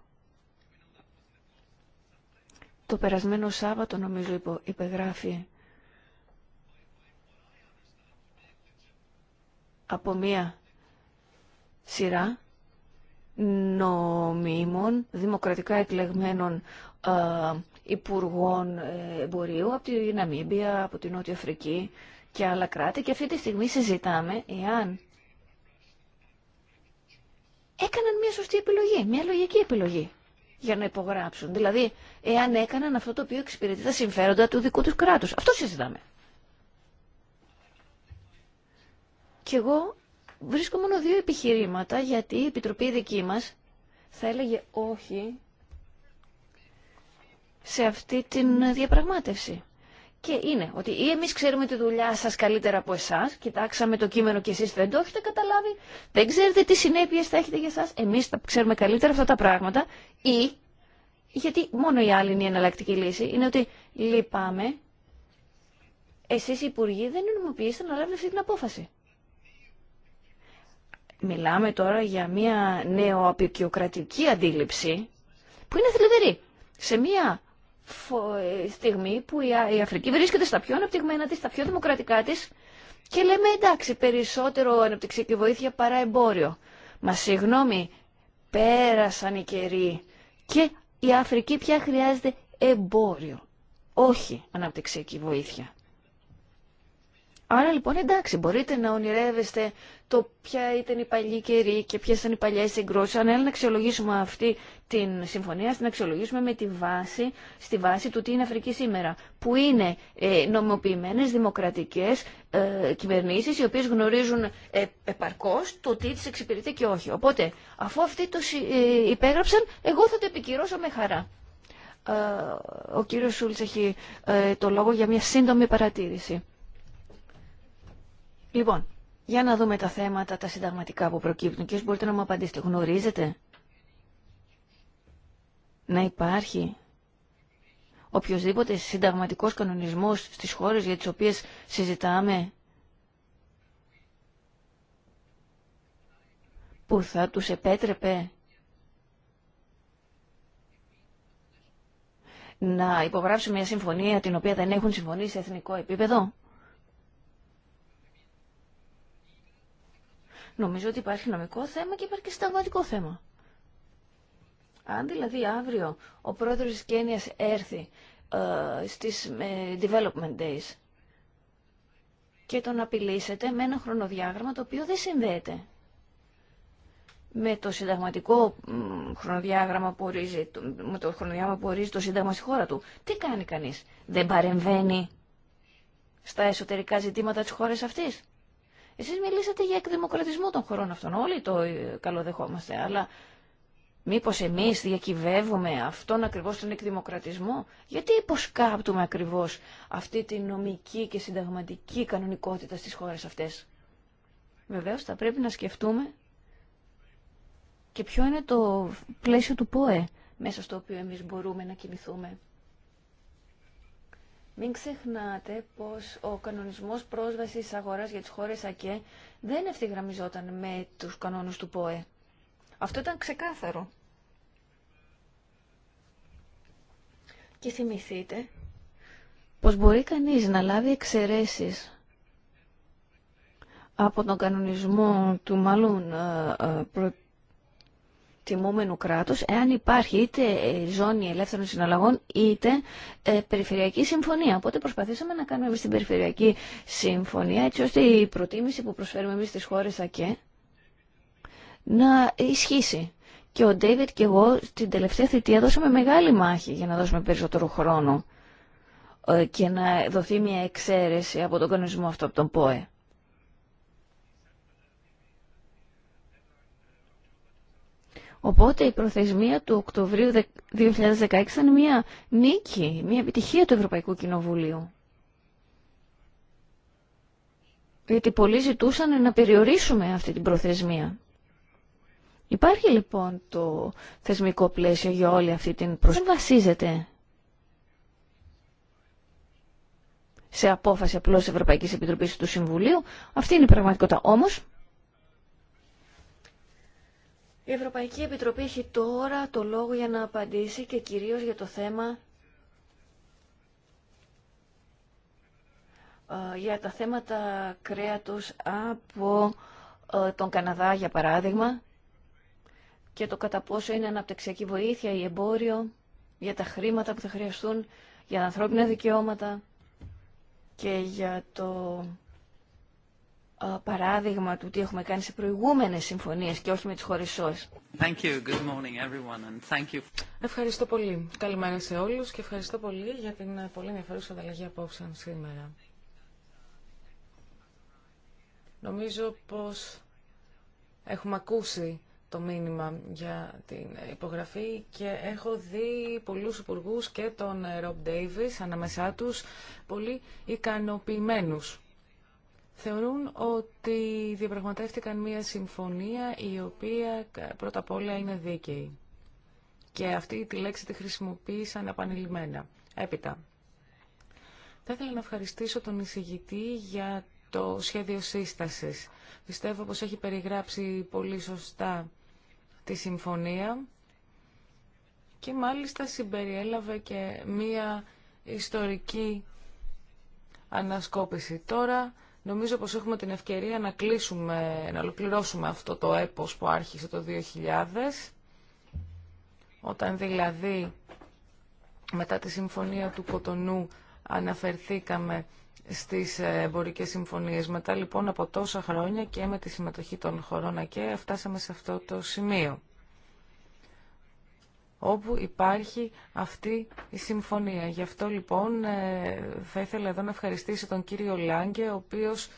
Το περασμένο Σάββατο, νομίζω, υπεγράφει από μία σειρά νομίμων, δημοκρατικά εκλεγμένων ε, υπουργών ε, εμπορίου από τη Ναμίμπια, από την Νότια Αφρική και άλλα κράτη και αυτή τη στιγμή συζητάμε εάν έκαναν μια σωστή επιλογή, μια λογική επιλογή για να υπογράψουν. Δηλαδή, εάν έκαναν αυτό το οποίο εξυπηρετεί τα συμφέροντα του δικού τους κράτους. Αυτό συζητάμε. Και εγώ Βρίσκω μόνο δύο επιχειρήματα γιατί η Επιτροπή δική μας θα έλεγε όχι σε αυτή την διαπραγμάτευση. Και είναι ότι ή εμείς ξέρουμε τη δουλειά σας καλύτερα από εσάς, κοιτάξαμε το κείμενο και εσείς δεν το έχετε καταλάβει, δεν ξέρετε τι συνέπειες θα έχετε για εσάς, εμείς θα ξέρουμε καλύτερα αυτά τα πράγματα, ή, γιατί μόνο η άλλη είναι η εναλλακτική λύση, είναι ότι λυπάμαι, εσείς οι υπουργοί δεν νομιμοποιήσετε να λάβετε αυτή την απόφαση. Μιλάμε τώρα για μια νεοαπικιοκρατική αντίληψη που είναι θλιβερή. Σε μια ε, στιγμή που η Αφρική βρίσκεται στα πιο αναπτυγμένα της, στα πιο δημοκρατικά της και λέμε εντάξει περισσότερο αναπτυξιακή βοήθεια παρά εμπόριο. Μα συγγνώμη, πέρασαν οι καιροί και η Αφρική πια χρειάζεται εμπόριο, όχι αναπτυξιακή βοήθεια. Άρα λοιπόν εντάξει, μπορείτε να ονειρεύεστε το ποια ήταν η παλιή καιρή και ποιε ήταν οι παλιέ συγκρούσει. Αν έλα να αξιολογήσουμε αυτή την συμφωνία, την αξιολογήσουμε με τη βάση, στη βάση του τι είναι Αφρική σήμερα. Που είναι ε, νομιμοποιημένε δημοκρατικέ ε, κυβερνήσει, οι οποίε γνωρίζουν ε, επαρκώ το τι τι εξυπηρετεί και όχι. Οπότε, αφού αυτοί το ε, υπέγραψαν, εγώ θα το επικυρώσω με χαρά. Ε, ο κύριος Σούλτ έχει το λόγο για μια σύντομη παρατήρηση. Λοιπόν, για να δούμε τα θέματα, τα συνταγματικά που προκύπτουν. Και μπορείτε να μου απαντήσετε, γνωρίζετε να υπάρχει οποιοδήποτε συνταγματικός κανονισμός στις χώρες για τις οποίες συζητάμε που θα τους επέτρεπε να υπογράψουν μια συμφωνία την οποία δεν έχουν συμφωνήσει σε εθνικό επίπεδο. Νομίζω ότι υπάρχει νομικό θέμα και υπάρχει και συνταγματικό θέμα. Αν δηλαδή αύριο ο πρόεδρος της Κένιας έρθει ε, στις development days και τον απειλήσετε με ένα χρονοδιάγραμμα το οποίο δεν συνδέεται με το συνταγματικό χρονοδιάγραμμα που ορίζει, με το χρονοδιάγραμμα που ορίζει το σύνταγμα στη χώρα του. Τι κάνει κανείς, δεν παρεμβαίνει στα εσωτερικά ζητήματα της χώρας αυτής. Εσείς μιλήσατε για εκδημοκρατισμό των χωρών αυτών. Όλοι το ε, καλοδεχόμαστε, αλλά μήπως εμείς διακυβεύουμε αυτόν ακριβώς τον εκδημοκρατισμό. Γιατί υποσκάπτουμε ακριβώς αυτή τη νομική και συνταγματική κανονικότητα στις χώρες αυτές. Βεβαίω θα πρέπει να σκεφτούμε και ποιο είναι το πλαίσιο του ΠΟΕ μέσα στο οποίο εμείς μπορούμε να κινηθούμε. Μην ξεχνάτε πως ο κανονισμός πρόσβασης αγοράς για τις χώρες ΑΚΕ δεν ευθυγραμμιζόταν με τους κανόνους του ΠΟΕ. Αυτό ήταν ξεκάθαρο. Και θυμηθείτε πως μπορεί κανείς να λάβει εξαιρέσεις από τον κανονισμό του μάλλον ε, ε, κράτους εάν υπάρχει είτε ζώνη ελεύθερων συναλλαγών είτε ε, περιφερειακή συμφωνία. Οπότε προσπαθήσαμε να κάνουμε εμεί την περιφερειακή συμφωνία έτσι ώστε η προτίμηση που προσφέρουμε εμείς στις χώρες ΑΚΕ να ισχύσει. Και ο Ντέιβιτ και εγώ στην τελευταία θητεία δώσαμε μεγάλη μάχη για να δώσουμε περισσότερο χρόνο ε, και να δοθεί μια εξαίρεση από τον κανονισμό αυτό από τον ΠΟΕ. Οπότε η προθεσμία του Οκτωβρίου 2016 ήταν μια νίκη, μια επιτυχία του Ευρωπαϊκού Κοινοβουλίου. Γιατί πολλοί ζητούσαν να περιορίσουμε αυτή την προθεσμία. Υπάρχει λοιπόν το θεσμικό πλαίσιο για όλη αυτή την προσπάθεια. Δεν βασίζεται σε απόφαση απλώς Ευρωπαϊκής Επιτροπής του Συμβουλίου. Αυτή είναι η πραγματικότητα. Όμως, η Ευρωπαϊκή Επιτροπή έχει τώρα το λόγο για να απαντήσει και κυρίως για το θέμα ε, για τα θέματα κρέατος από ε, τον Καναδά, για παράδειγμα, και το κατά πόσο είναι αναπτυξιακή βοήθεια ή εμπόριο για τα χρήματα που θα χρειαστούν για τα ανθρώπινα δικαιώματα και για το ε, παράδειγμα του τι έχουμε κάνει σε προηγούμενες συμφωνίες και όχι με τις χώρες Ευχαριστώ πολύ. Καλημέρα σε όλους και ευχαριστώ πολύ για την ε, πολύ ενδιαφέρουσα ανταλλαγή απόψεων σήμερα. Νομίζω πως έχουμε ακούσει το μήνυμα για την υπογραφή και έχω δει πολλούς υπουργούς και τον Ρομπ ε, Ντέιβις ανάμεσά τους πολύ ικανοποιημένους θεωρούν ότι διαπραγματεύτηκαν μία συμφωνία η οποία πρώτα απ' όλα είναι δίκαιη. Και αυτή τη λέξη τη χρησιμοποίησαν επανειλημμένα. Έπειτα, θα ήθελα να ευχαριστήσω τον εισηγητή για το σχέδιο σύστασης. Πιστεύω πως έχει περιγράψει πολύ σωστά τη συμφωνία και μάλιστα συμπεριέλαβε και μία ιστορική ανασκόπηση. Τώρα Νομίζω πως έχουμε την ευκαιρία να κλείσουμε, να ολοκληρώσουμε αυτό το έπος που άρχισε το 2000, όταν δηλαδή μετά τη συμφωνία του Κοτονού αναφερθήκαμε στις εμπορικέ συμφωνίες. Μετά λοιπόν από τόσα χρόνια και με τη συμμετοχή των χωρών και φτάσαμε σε αυτό το σημείο όπου υπάρχει αυτή η συμφωνία. Γι' αυτό λοιπόν ε, θα ήθελα εδώ να ευχαριστήσω τον κύριο Λάγκε, ο οποίος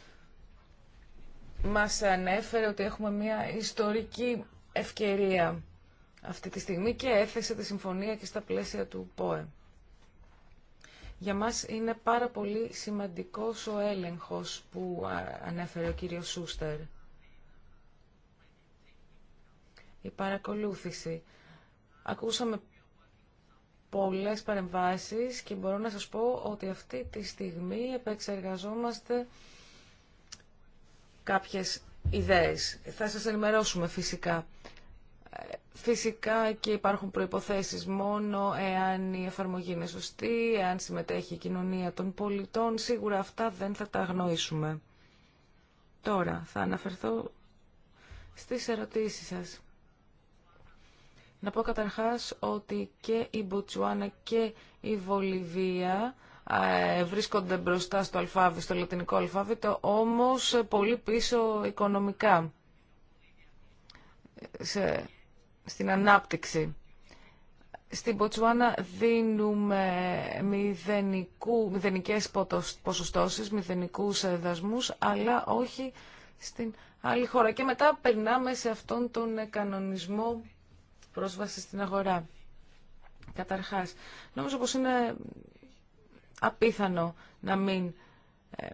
μας ανέφερε ότι έχουμε μια ιστορική ευκαιρία αυτή τη στιγμή και έθεσε τη συμφωνία και στα πλαίσια του ΠΟΕ. Για μας είναι πάρα πολύ σημαντικός ο έλεγχος που ανέφερε ο κύριος Σούστερ. Η παρακολούθηση. Ακούσαμε πολλές παρεμβάσεις και μπορώ να σας πω ότι αυτή τη στιγμή επεξεργαζόμαστε κάποιες ιδέες. Θα σας ενημερώσουμε φυσικά. Φυσικά και υπάρχουν προϋποθέσεις μόνο εάν η εφαρμογή είναι σωστή, εάν συμμετέχει η κοινωνία των πολιτών. Σίγουρα αυτά δεν θα τα αγνοήσουμε. Τώρα θα αναφερθώ στις ερωτήσεις σας. Να πω καταρχάς ότι και η Μποτσουάνα και η Βολιβία ε, βρίσκονται μπροστά στο, αλφάβητο στο λατινικό αλφάβητο, όμως πολύ πίσω οικονομικά σε, στην ανάπτυξη. Στην Μποτσουάνα δίνουμε μηδενικού, μηδενικές ποσοστώσεις, μηδενικούς δασμούς, αλλά όχι στην άλλη χώρα. Και μετά περνάμε σε αυτόν τον κανονισμό πρόσβαση στην αγορά. Καταρχάς, νομίζω πως είναι απίθανο να μην ε,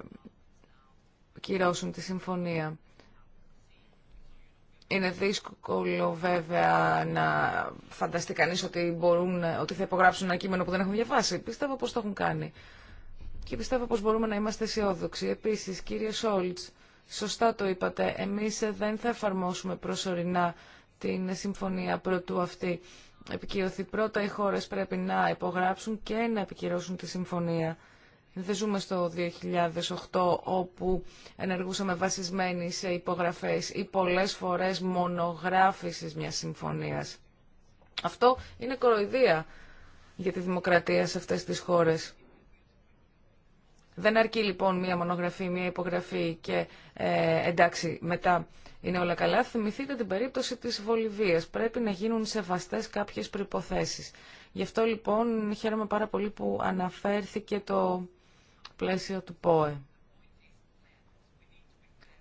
κυρώσουν τη συμφωνία. Είναι δύσκολο βέβαια να φανταστεί κανείς ότι, μπορούν, ότι θα υπογράψουν ένα κείμενο που δεν έχουν διαβάσει. Πιστεύω πως το έχουν κάνει. Και πιστεύω πως μπορούμε να είμαστε αισιόδοξοι. Επίσης, κύριε Σόλτς, σωστά το είπατε, εμείς δεν θα εφαρμόσουμε προσωρινά την συμφωνία προτού αυτή επικυρωθεί. Πρώτα οι χώρες πρέπει να υπογράψουν και να επικυρώσουν τη συμφωνία. Δεν ζούμε στο 2008 όπου ενεργούσαμε βασισμένοι σε υπογραφές ή πολλές φορές μονογράφησης μιας συμφωνίας. Αυτό είναι κοροϊδία για τη δημοκρατία σε αυτές τις χώρες. Δεν αρκεί λοιπόν μία μονογραφή, μία υπογραφή και ε, εντάξει μετά είναι όλα καλά. Θυμηθείτε την περίπτωση της Βολιβίας. Πρέπει να γίνουν σεβαστές κάποιες προϋποθέσεις. Γι' αυτό λοιπόν χαίρομαι πάρα πολύ που αναφέρθηκε το πλαίσιο του ΠΟΕ.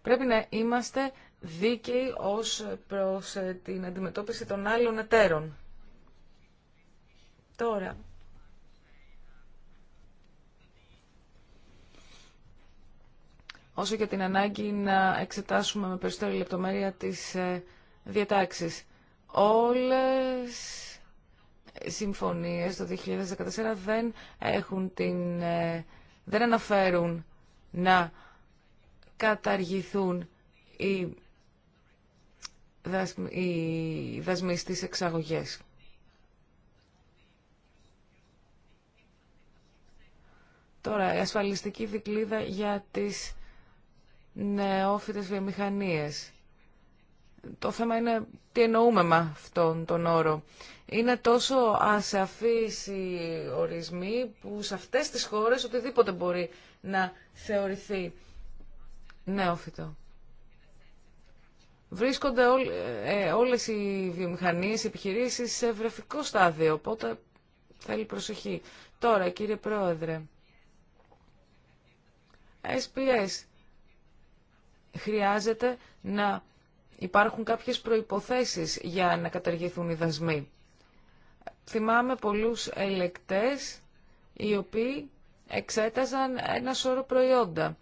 Πρέπει να είμαστε δίκαιοι ως προς ε, την αντιμετώπιση των άλλων εταίρων. Τώρα, όσο και την ανάγκη να εξετάσουμε με περισσότερη λεπτομέρεια τις ε, διατάξεις. Όλες οι συμφωνίες το 2014 δεν έχουν την... Ε, δεν αναφέρουν να καταργηθούν οι, δασμ, οι δασμοί εξαγωγές. Τώρα, η ασφαλιστική δικλίδα για τις νεόφυτες βιομηχανίες. Το θέμα είναι τι εννοούμε με αυτόν τον όρο. Είναι τόσο ασαφείς οι ορισμοί που σε αυτές τις χώρες οτιδήποτε μπορεί να θεωρηθεί νεόφυτο. Βρίσκονται ό, ε, όλες οι βιομηχανίες, οι επιχειρήσεις σε βρεφικό στάδιο, οπότε θέλει προσοχή. Τώρα, κύριε Πρόεδρε, SPS χρειάζεται να υπάρχουν κάποιες προϋποθέσεις για να καταργηθούν οι δασμοί. Θυμάμαι πολλούς ελεκτές οι οποίοι εξέταζαν ένα σώρο προϊόντα.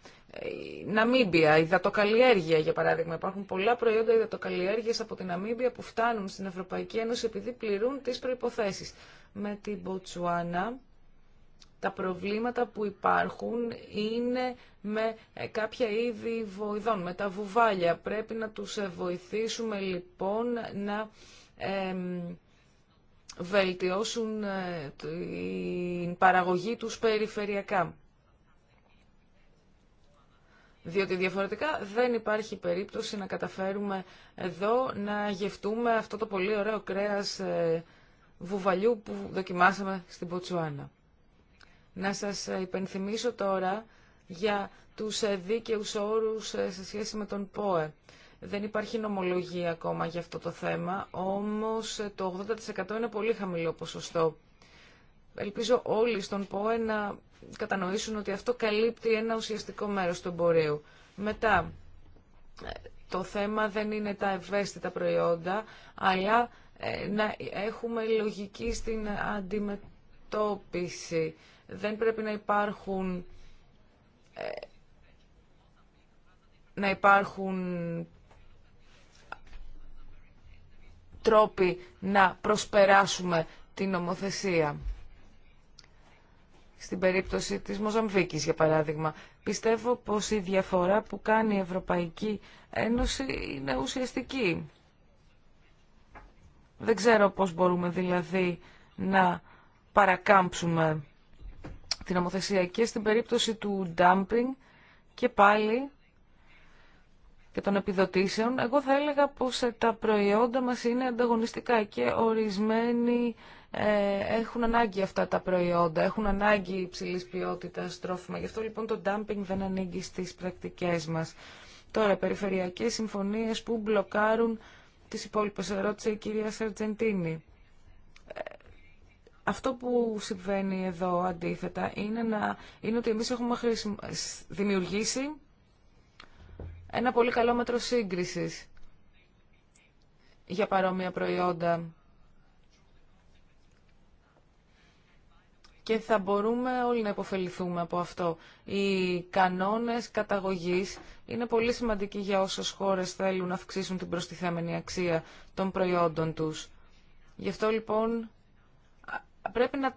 Ναμίμπια, υδατοκαλλιέργεια για παράδειγμα. Υπάρχουν πολλά προϊόντα υδατοκαλλιέργειας από την Ναμίμπια που φτάνουν στην Ευρωπαϊκή Ένωση επειδή πληρούν τις προϋποθέσεις. Με την Μποτσουάνα τα προβλήματα που υπάρχουν είναι με ε, κάποια είδη βοηδών, με τα βουβάλια. Πρέπει να τους ε, βοηθήσουμε λοιπόν να βελτιώσουν ε, την παραγωγή τους περιφερειακά. Διότι διαφορετικά δεν υπάρχει περίπτωση να καταφέρουμε εδώ να γευτούμε αυτό το πολύ ωραίο κρέας βουβαλιού που δοκιμάσαμε στην Ποτσουάνα. Να σας υπενθυμίσω τώρα για τους ε, δίκαιους όρους ε, σε σχέση με τον ΠΟΕ. Δεν υπάρχει νομολογία ακόμα για αυτό το θέμα, όμως ε, το 80% είναι πολύ χαμηλό ποσοστό. Ελπίζω όλοι στον ΠΟΕ να κατανοήσουν ότι αυτό καλύπτει ένα ουσιαστικό μέρος του εμπορίου. Μετά, το θέμα δεν είναι τα ευαίσθητα προϊόντα, αλλά να έχουμε λογική στην αντιμετώπιση. Δεν πρέπει να υπάρχουν, ε, να υπάρχουν τρόποι να προσπεράσουμε την νομοθεσία. Στην περίπτωση της Μοζαμβίκης, για παράδειγμα, πιστεύω πως η διαφορά που κάνει η Ευρωπαϊκή Ένωση είναι ουσιαστική. Δεν ξέρω πώς μπορούμε δηλαδή να παρακάμψουμε την νομοθεσία και στην περίπτωση του dumping και πάλι και των επιδοτήσεων, εγώ θα έλεγα πως ε, τα προϊόντα μας είναι ανταγωνιστικά και ορισμένοι ε, έχουν ανάγκη αυτά τα προϊόντα, έχουν ανάγκη υψηλή ποιότητα τρόφιμα. Γι' αυτό λοιπόν το dumping δεν ανήκει στις πρακτικές μας. Τώρα, περιφερειακές συμφωνίες που μπλοκάρουν τις υπόλοιπες, ερώτησε η κυρία Σαρτζεντίνη. Ε, αυτό που συμβαίνει εδώ αντίθετα είναι, να, είναι ότι εμείς έχουμε δημιουργήσει ένα πολύ καλό μέτρο σύγκρισης για παρόμοια προϊόντα. Και θα μπορούμε όλοι να υποφεληθούμε από αυτό. Οι κανόνες καταγωγής είναι πολύ σημαντικοί για όσες χώρες θέλουν να αυξήσουν την προστιθέμενη αξία των προϊόντων τους. Γι' αυτό λοιπόν πρέπει να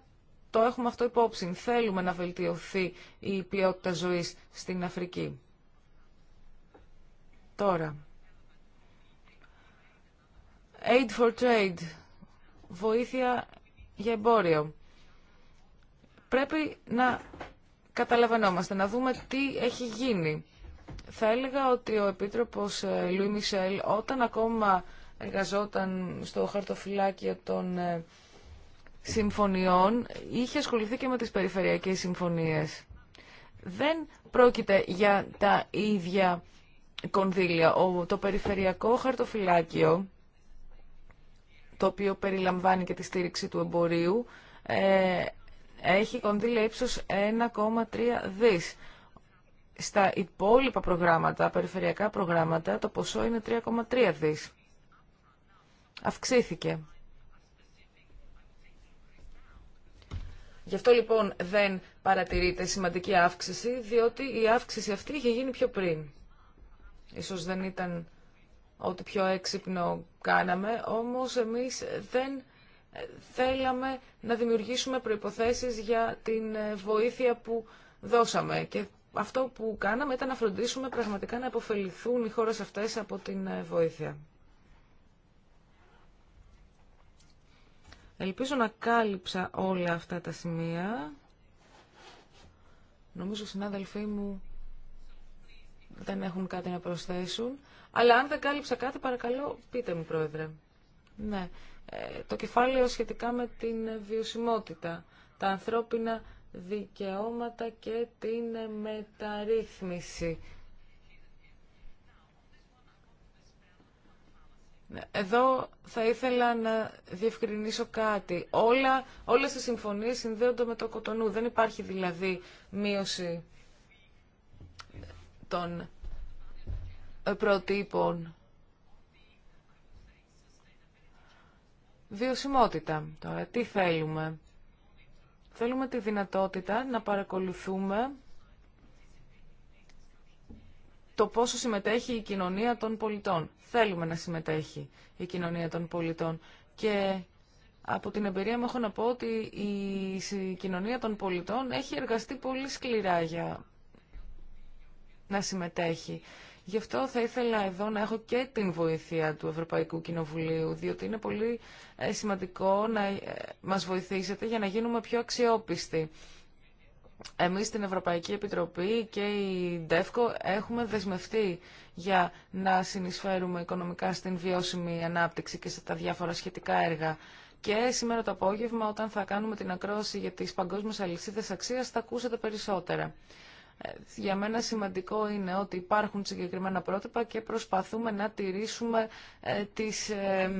το έχουμε αυτό υπόψη. Θέλουμε να βελτιωθεί η ποιότητα ζωής στην Αφρική. Τώρα. Aid for Trade. Βοήθεια για εμπόριο. Πρέπει να καταλαβαίνόμαστε, να δούμε τι έχει γίνει. Θα έλεγα ότι ο Επίτροπος Λουί ε, Μισελ όταν ακόμα εργαζόταν στο χαρτοφυλάκιο των ε, συμφωνιών είχε ασχοληθεί και με τις περιφερειακές συμφωνίες. Δεν πρόκειται για τα ίδια κονδύλια. Το περιφερειακό χαρτοφυλάκιο, το οποίο περιλαμβάνει και τη στήριξη του εμπορίου, ε, έχει κονδύλια ύψος 1,3 δις. Στα υπόλοιπα προγράμματα, περιφερειακά προγράμματα, το ποσό είναι 3,3 δις. Αυξήθηκε. Γι' αυτό λοιπόν δεν παρατηρείται σημαντική αύξηση, διότι η αύξηση αυτή είχε γίνει πιο πριν. Ίσως δεν ήταν ό,τι πιο έξυπνο κάναμε, όμως εμείς δεν θέλαμε να δημιουργήσουμε προϋποθέσεις για την βοήθεια που δώσαμε. Και αυτό που κάναμε ήταν να φροντίσουμε πραγματικά να αποφεληθούν οι χώρες αυτές από την βοήθεια. Ελπίζω να κάλυψα όλα αυτά τα σημεία. Νομίζω οι συνάδελφοί μου δεν έχουν κάτι να προσθέσουν. Αλλά αν δεν κάλυψα κάτι, παρακαλώ, πείτε μου, Πρόεδρε. Ναι, ε, το κεφάλαιο σχετικά με την βιωσιμότητα, τα ανθρώπινα δικαιώματα και την μεταρρύθμιση Εδώ θα ήθελα να διευκρινίσω κάτι. Όλα, όλες οι συμφωνίες συνδέονται με το κοτονού. Δεν υπάρχει δηλαδή μείωση των ε, προτύπων. Βιωσιμότητα. Τώρα, τι θέλουμε. Θέλουμε τη δυνατότητα να παρακολουθούμε το πόσο συμμετέχει η κοινωνία των πολιτών. Θέλουμε να συμμετέχει η κοινωνία των πολιτών. Και από την εμπειρία μου έχω να πω ότι η κοινωνία των πολιτών έχει εργαστεί πολύ σκληρά για να συμμετέχει. Γι' αυτό θα ήθελα εδώ να έχω και την βοήθεια του Ευρωπαϊκού Κοινοβουλίου, διότι είναι πολύ ε, σημαντικό να ε, μας βοηθήσετε για να γίνουμε πιο αξιόπιστοι εμείς στην Ευρωπαϊκή Επιτροπή και η ΔΕΦΚΟ έχουμε δεσμευτεί για να συνεισφέρουμε οικονομικά στην βιώσιμη ανάπτυξη και στα διάφορα σχετικά έργα. Και σήμερα το απόγευμα όταν θα κάνουμε την ακρόαση για τις παγκόσμιες αλυσίδες αξίας θα ακούσετε περισσότερα. Ε, για μένα σημαντικό είναι ότι υπάρχουν συγκεκριμένα πρότυπα και προσπαθούμε να τηρήσουμε ε, τις ε,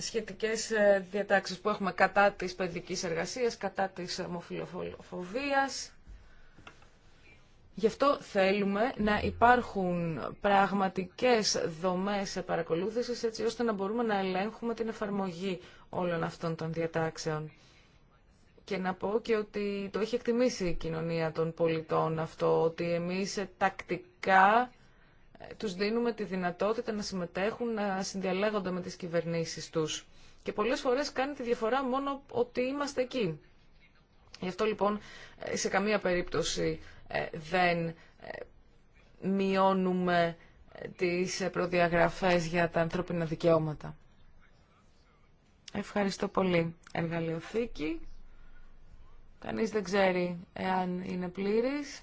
σχετικές ε, διατάξεις που έχουμε κατά της παιδικής εργασίας, κατά της ομοφιλοφοβίας. Γι' αυτό θέλουμε να υπάρχουν πραγματικές δομές παρακολούθησης έτσι ώστε να μπορούμε να ελέγχουμε την εφαρμογή όλων αυτών των διατάξεων. Και να πω και ότι το έχει εκτιμήσει η κοινωνία των πολιτών αυτό, ότι εμείς τακτικά τους δίνουμε τη δυνατότητα να συμμετέχουν, να συνδιαλέγονται με τις κυβερνήσεις τους. Και πολλές φορές κάνει τη διαφορά μόνο ότι είμαστε εκεί. Γι' αυτό λοιπόν ε, σε καμία περίπτωση ε, δεν ε, μειώνουμε τις προδιαγραφές για τα ανθρώπινα δικαιώματα. Ευχαριστώ πολύ. Εργαλειοθήκη. Κανείς δεν ξέρει εάν είναι πλήρης.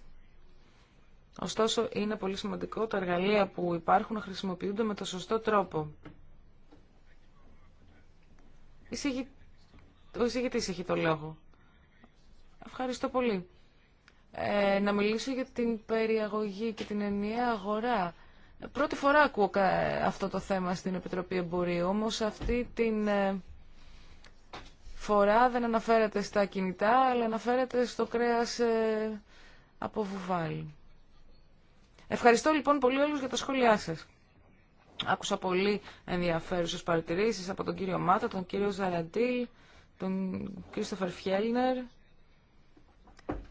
Ωστόσο, είναι πολύ σημαντικό τα εργαλεία που υπάρχουν να χρησιμοποιούνται με το σωστό τρόπο. Ο εισηγητής έχει το λόγο. Ευχαριστώ πολύ. Ε, να μιλήσω για την περιαγωγή και την ενιαία αγορά. Πρώτη φορά ακούω αυτό το θέμα στην Επιτροπή Εμπορίου, όμως αυτή την ε, φορά δεν αναφέρεται στα κινητά, αλλά αναφέρεται στο κρέας ε, από βουβάλι. Ευχαριστώ λοιπόν πολύ όλους για τα σχόλιά σας. Άκουσα πολύ ενδιαφέρουσες παρατηρήσεις από τον κύριο Μάτα, τον κύριο Ζαραντήλ, τον Κρίστοφερ Φιέλνερ.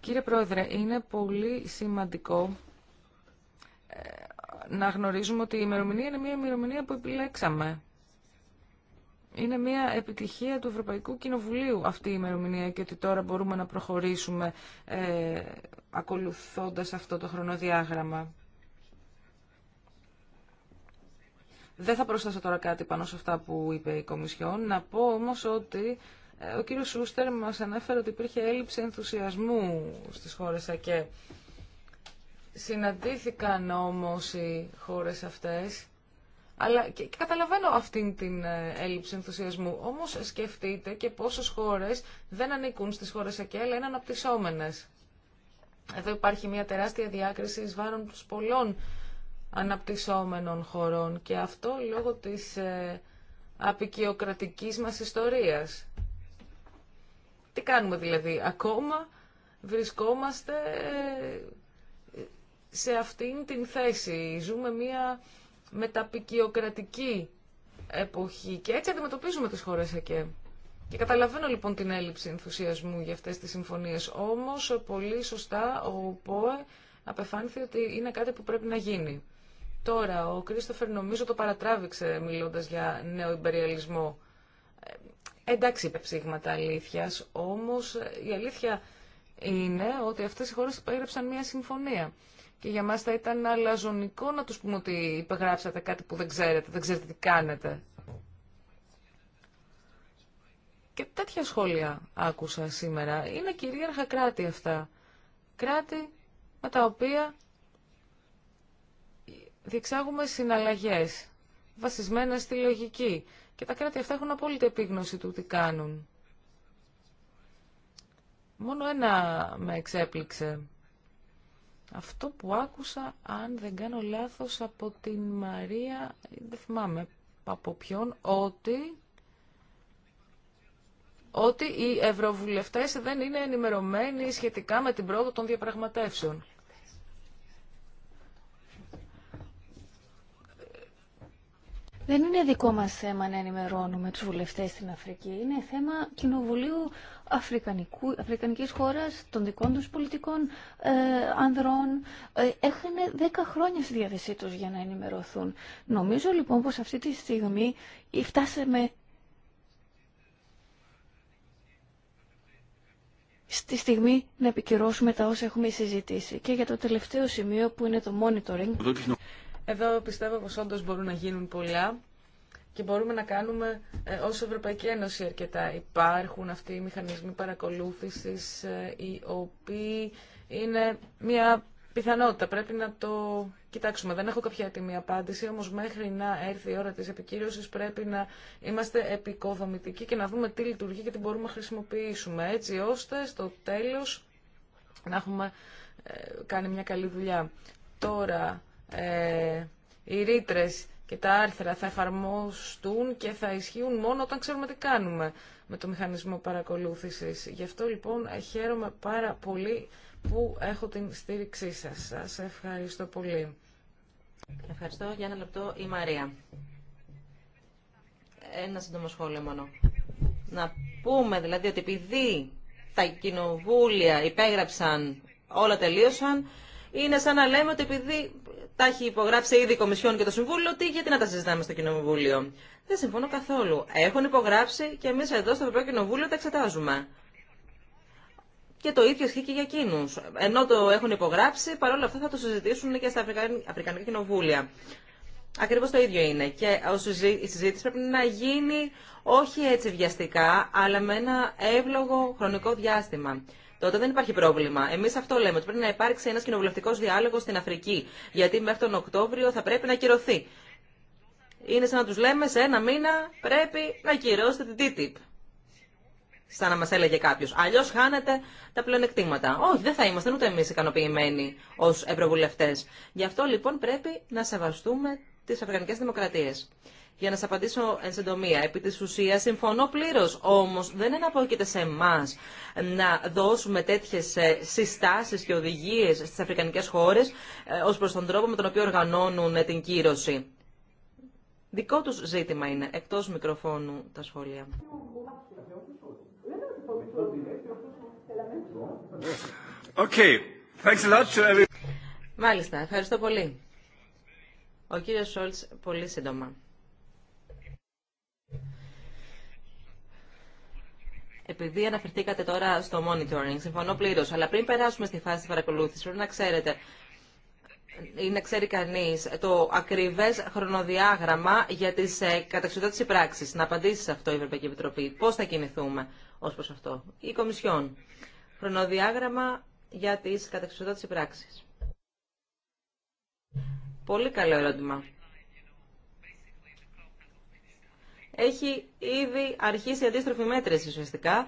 Κύριε Πρόεδρε, είναι πολύ σημαντικό ε, να γνωρίζουμε ότι η ημερομηνία είναι μια ημερομηνία που επιλέξαμε. Είναι μια επιτυχία του Ευρωπαϊκού Κοινοβουλίου αυτή η ημερομηνία και ότι τώρα μπορούμε να προχωρήσουμε ε, ακολουθώντας αυτό το χρονοδιάγραμμα. Δεν θα προσθέσω τώρα κάτι πάνω σε αυτά που είπε η Κομισιόν. Να πω όμως ότι ε, ο κύριος Σούστερ μας ανέφερε ότι υπήρχε έλλειψη ενθουσιασμού στις χώρες ΑΚΕ. Συναντήθηκαν όμως οι χώρες αυτές, αλλά και, καταλαβαίνω αυτήν την ε, έλλειψη ενθουσιασμού. Όμως σκεφτείτε και πόσες χώρες δεν ανήκουν στις χώρες ΑΚΕ, αλλά είναι αναπτυσσόμενες. Εδώ υπάρχει μια τεράστια διάκριση εις βάρον πολλών αναπτυσσόμενων χωρών και αυτό λόγω της ε, απικιοκρατικής μας ιστορίας. Τι κάνουμε δηλαδή, ακόμα βρισκόμαστε ε, σε αυτήν την θέση. Ζούμε μία μεταπικιοκρατική εποχή και έτσι αντιμετωπίζουμε τις χώρες εκεί. Και καταλαβαίνω λοιπόν την έλλειψη ενθουσιασμού για αυτές τις συμφωνίες. Όμως πολύ σωστά ο ΠΟΕ απεφάνθη ότι είναι κάτι που πρέπει να γίνει. Τώρα, ο Κρίστοφερ νομίζω το παρατράβηξε μιλώντας για νέο υπεριαλισμό. Ε, εντάξει, είπε ψήγματα αλήθεια. όμως η αλήθεια είναι ότι αυτές οι χώρες υπέγραψαν μια συμφωνία. Και για μας θα ήταν αλαζονικό να τους πούμε ότι υπεγράψατε κάτι που δεν ξέρετε, δεν ξέρετε τι κάνετε. Και τέτοια σχόλια άκουσα σήμερα. Είναι κυρίαρχα κράτη αυτά. Κράτη με τα οποία διεξάγουμε συναλλαγές βασισμένα στη λογική και τα κράτη αυτά έχουν απόλυτη επίγνωση του τι κάνουν. Μόνο ένα με εξέπληξε. Αυτό που άκουσα, αν δεν κάνω λάθος, από την Μαρία, δεν θυμάμαι από ποιον, ότι, ότι οι ευρωβουλευτές δεν είναι ενημερωμένοι σχετικά με την πρόοδο των διαπραγματεύσεων. Δεν είναι δικό μας θέμα να ενημερώνουμε τους βουλευτές στην Αφρική. Είναι θέμα κοινοβουλίου αφρικανικού, αφρικανικής χώρας, των δικών τους πολιτικών ε, ανδρών. Ε, έχουν δέκα χρόνια στη διάθεσή τους για να ενημερωθούν. Νομίζω λοιπόν πως αυτή τη στιγμή φτάσαμε στη στιγμή να επικυρώσουμε τα όσα έχουμε συζητήσει. Και για το τελευταίο σημείο που είναι το monitoring, εδώ πιστεύω πως όντως μπορούν να γίνουν πολλά και μπορούμε να κάνουμε ε, ως Ευρωπαϊκή Ένωση αρκετά. Υπάρχουν αυτοί οι μηχανισμοί παρακολούθησης ε, οι οποίοι είναι μια πιθανότητα. Πρέπει να το κοιτάξουμε. Δεν έχω κάποια έτοιμη απάντηση, όμως μέχρι να έρθει η ώρα της επικύρωσης πρέπει να είμαστε επικοδομητικοί και να δούμε τι λειτουργεί και τι μπορούμε να χρησιμοποιήσουμε, έτσι ώστε στο τέλος να έχουμε ε, κάνει μια καλή δουλειά. Τώρα, ε, οι ρήτρε και τα άρθρα θα εφαρμοστούν και θα ισχύουν μόνο όταν ξέρουμε τι κάνουμε με το μηχανισμό παρακολούθησης. Γι' αυτό λοιπόν χαίρομαι πάρα πολύ που έχω την στήριξή σας. Σας ευχαριστώ πολύ. Ευχαριστώ. Για ένα λεπτό η Μαρία. Ένα σύντομο σχόλιο μόνο. Να πούμε δηλαδή ότι επειδή τα κοινοβούλια υπέγραψαν όλα τελείωσαν, είναι σαν να λέμε ότι επειδή τα έχει υπογράψει ήδη η Κομισιόν και το Συμβούλιο, τι, γιατί να τα συζητάμε στο Κοινοβούλιο. Δεν συμφωνώ καθόλου. Έχουν υπογράψει και εμεί εδώ στο Ευρωπαϊκό Κοινοβούλιο τα εξετάζουμε. Και το ίδιο ισχύει και για εκείνου. Ενώ το έχουν υπογράψει, παρόλα αυτά θα το συζητήσουν και στα Αφρικανικά Κοινοβούλια. Ακριβώ το ίδιο είναι. Και η συζήτηση πρέπει να γίνει όχι έτσι βιαστικά, αλλά με ένα εύλογο χρονικό διάστημα τότε δεν υπάρχει πρόβλημα. Εμεί αυτό λέμε, ότι πρέπει να υπάρξει ένα κοινοβουλευτικό διάλογο στην Αφρική. Γιατί μέχρι τον Οκτώβριο θα πρέπει να ακυρωθεί. Είναι σαν να του λέμε σε ένα μήνα πρέπει να ακυρώσετε την TTIP. Σαν να μα έλεγε κάποιο. Αλλιώ χάνετε τα πλεονεκτήματα. Όχι, δεν θα είμαστε ούτε εμεί ικανοποιημένοι ω ευρωβουλευτέ. Γι' αυτό λοιπόν πρέπει να σεβαστούμε τι αφρικανικέ δημοκρατίε. Για να σα απαντήσω εν συντομία, επί τη ουσία συμφωνώ πλήρω. Όμω δεν εναπόκειται σε εμά να δώσουμε τέτοιε συστάσει και οδηγίε στι αφρικανικέ χώρε ε, ω προ τον τρόπο με τον οποίο οργανώνουν την κύρωση. Δικό τους ζήτημα είναι, εκτός μικροφώνου, τα σχόλια. Okay. Thanks a lot Μάλιστα, ευχαριστώ πολύ. Ο κύριος Σόλτς, πολύ σύντομα. Επειδή αναφερθήκατε τώρα στο monitoring, συμφωνώ πλήρω, αλλά πριν περάσουμε στη φάση τη παρακολούθηση, πρέπει να ξέρετε ή να ξέρει κανεί το ακριβέ χρονοδιάγραμμα για τι ε, καταξιδότητε πράξει. Να απαντήσει σε αυτό η Ευρωπαϊκή Επιτροπή. Πώ θα κινηθούμε ω προ αυτό. Η Κομισιόν. Χρονοδιάγραμμα για τι καταξιδότητε πράξει. Πολύ καλό ερώτημα. έχει ήδη αρχίσει η αντίστροφη μέτρηση ουσιαστικά.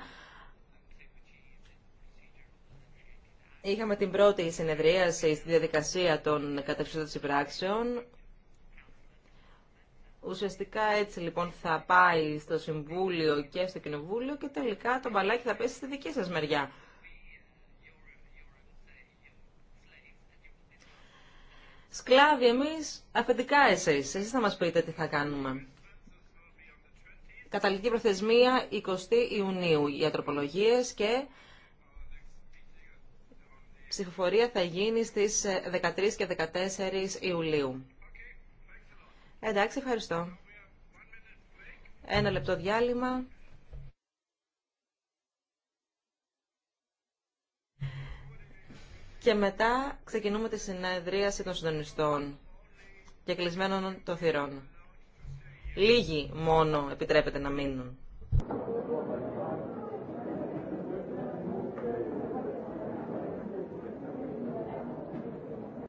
Είχαμε την πρώτη συνεδρίαση στη διαδικασία των κατευθυντών συμπράξεων. Ουσιαστικά έτσι λοιπόν θα πάει στο Συμβούλιο και στο Κοινοβούλιο και τελικά το μπαλάκι θα πέσει στη δική σας μεριά. Σκλάβοι εμείς, αφεντικά εσείς. Εσείς θα μας πείτε τι θα κάνουμε. Καταληκτική προθεσμία 20 Ιουνίου για τροπολογίε και ψηφοφορία θα γίνει στις 13 ε, και 14 Ιουλίου. Εντάξει, ευχαριστώ. Ένα λεπτό διάλειμμα. Και μετά ξεκινούμε τη συνεδρίαση των συντονιστών και κλεισμένων των θυρών. Λίγοι μόνο επιτρέπεται να μείνουν.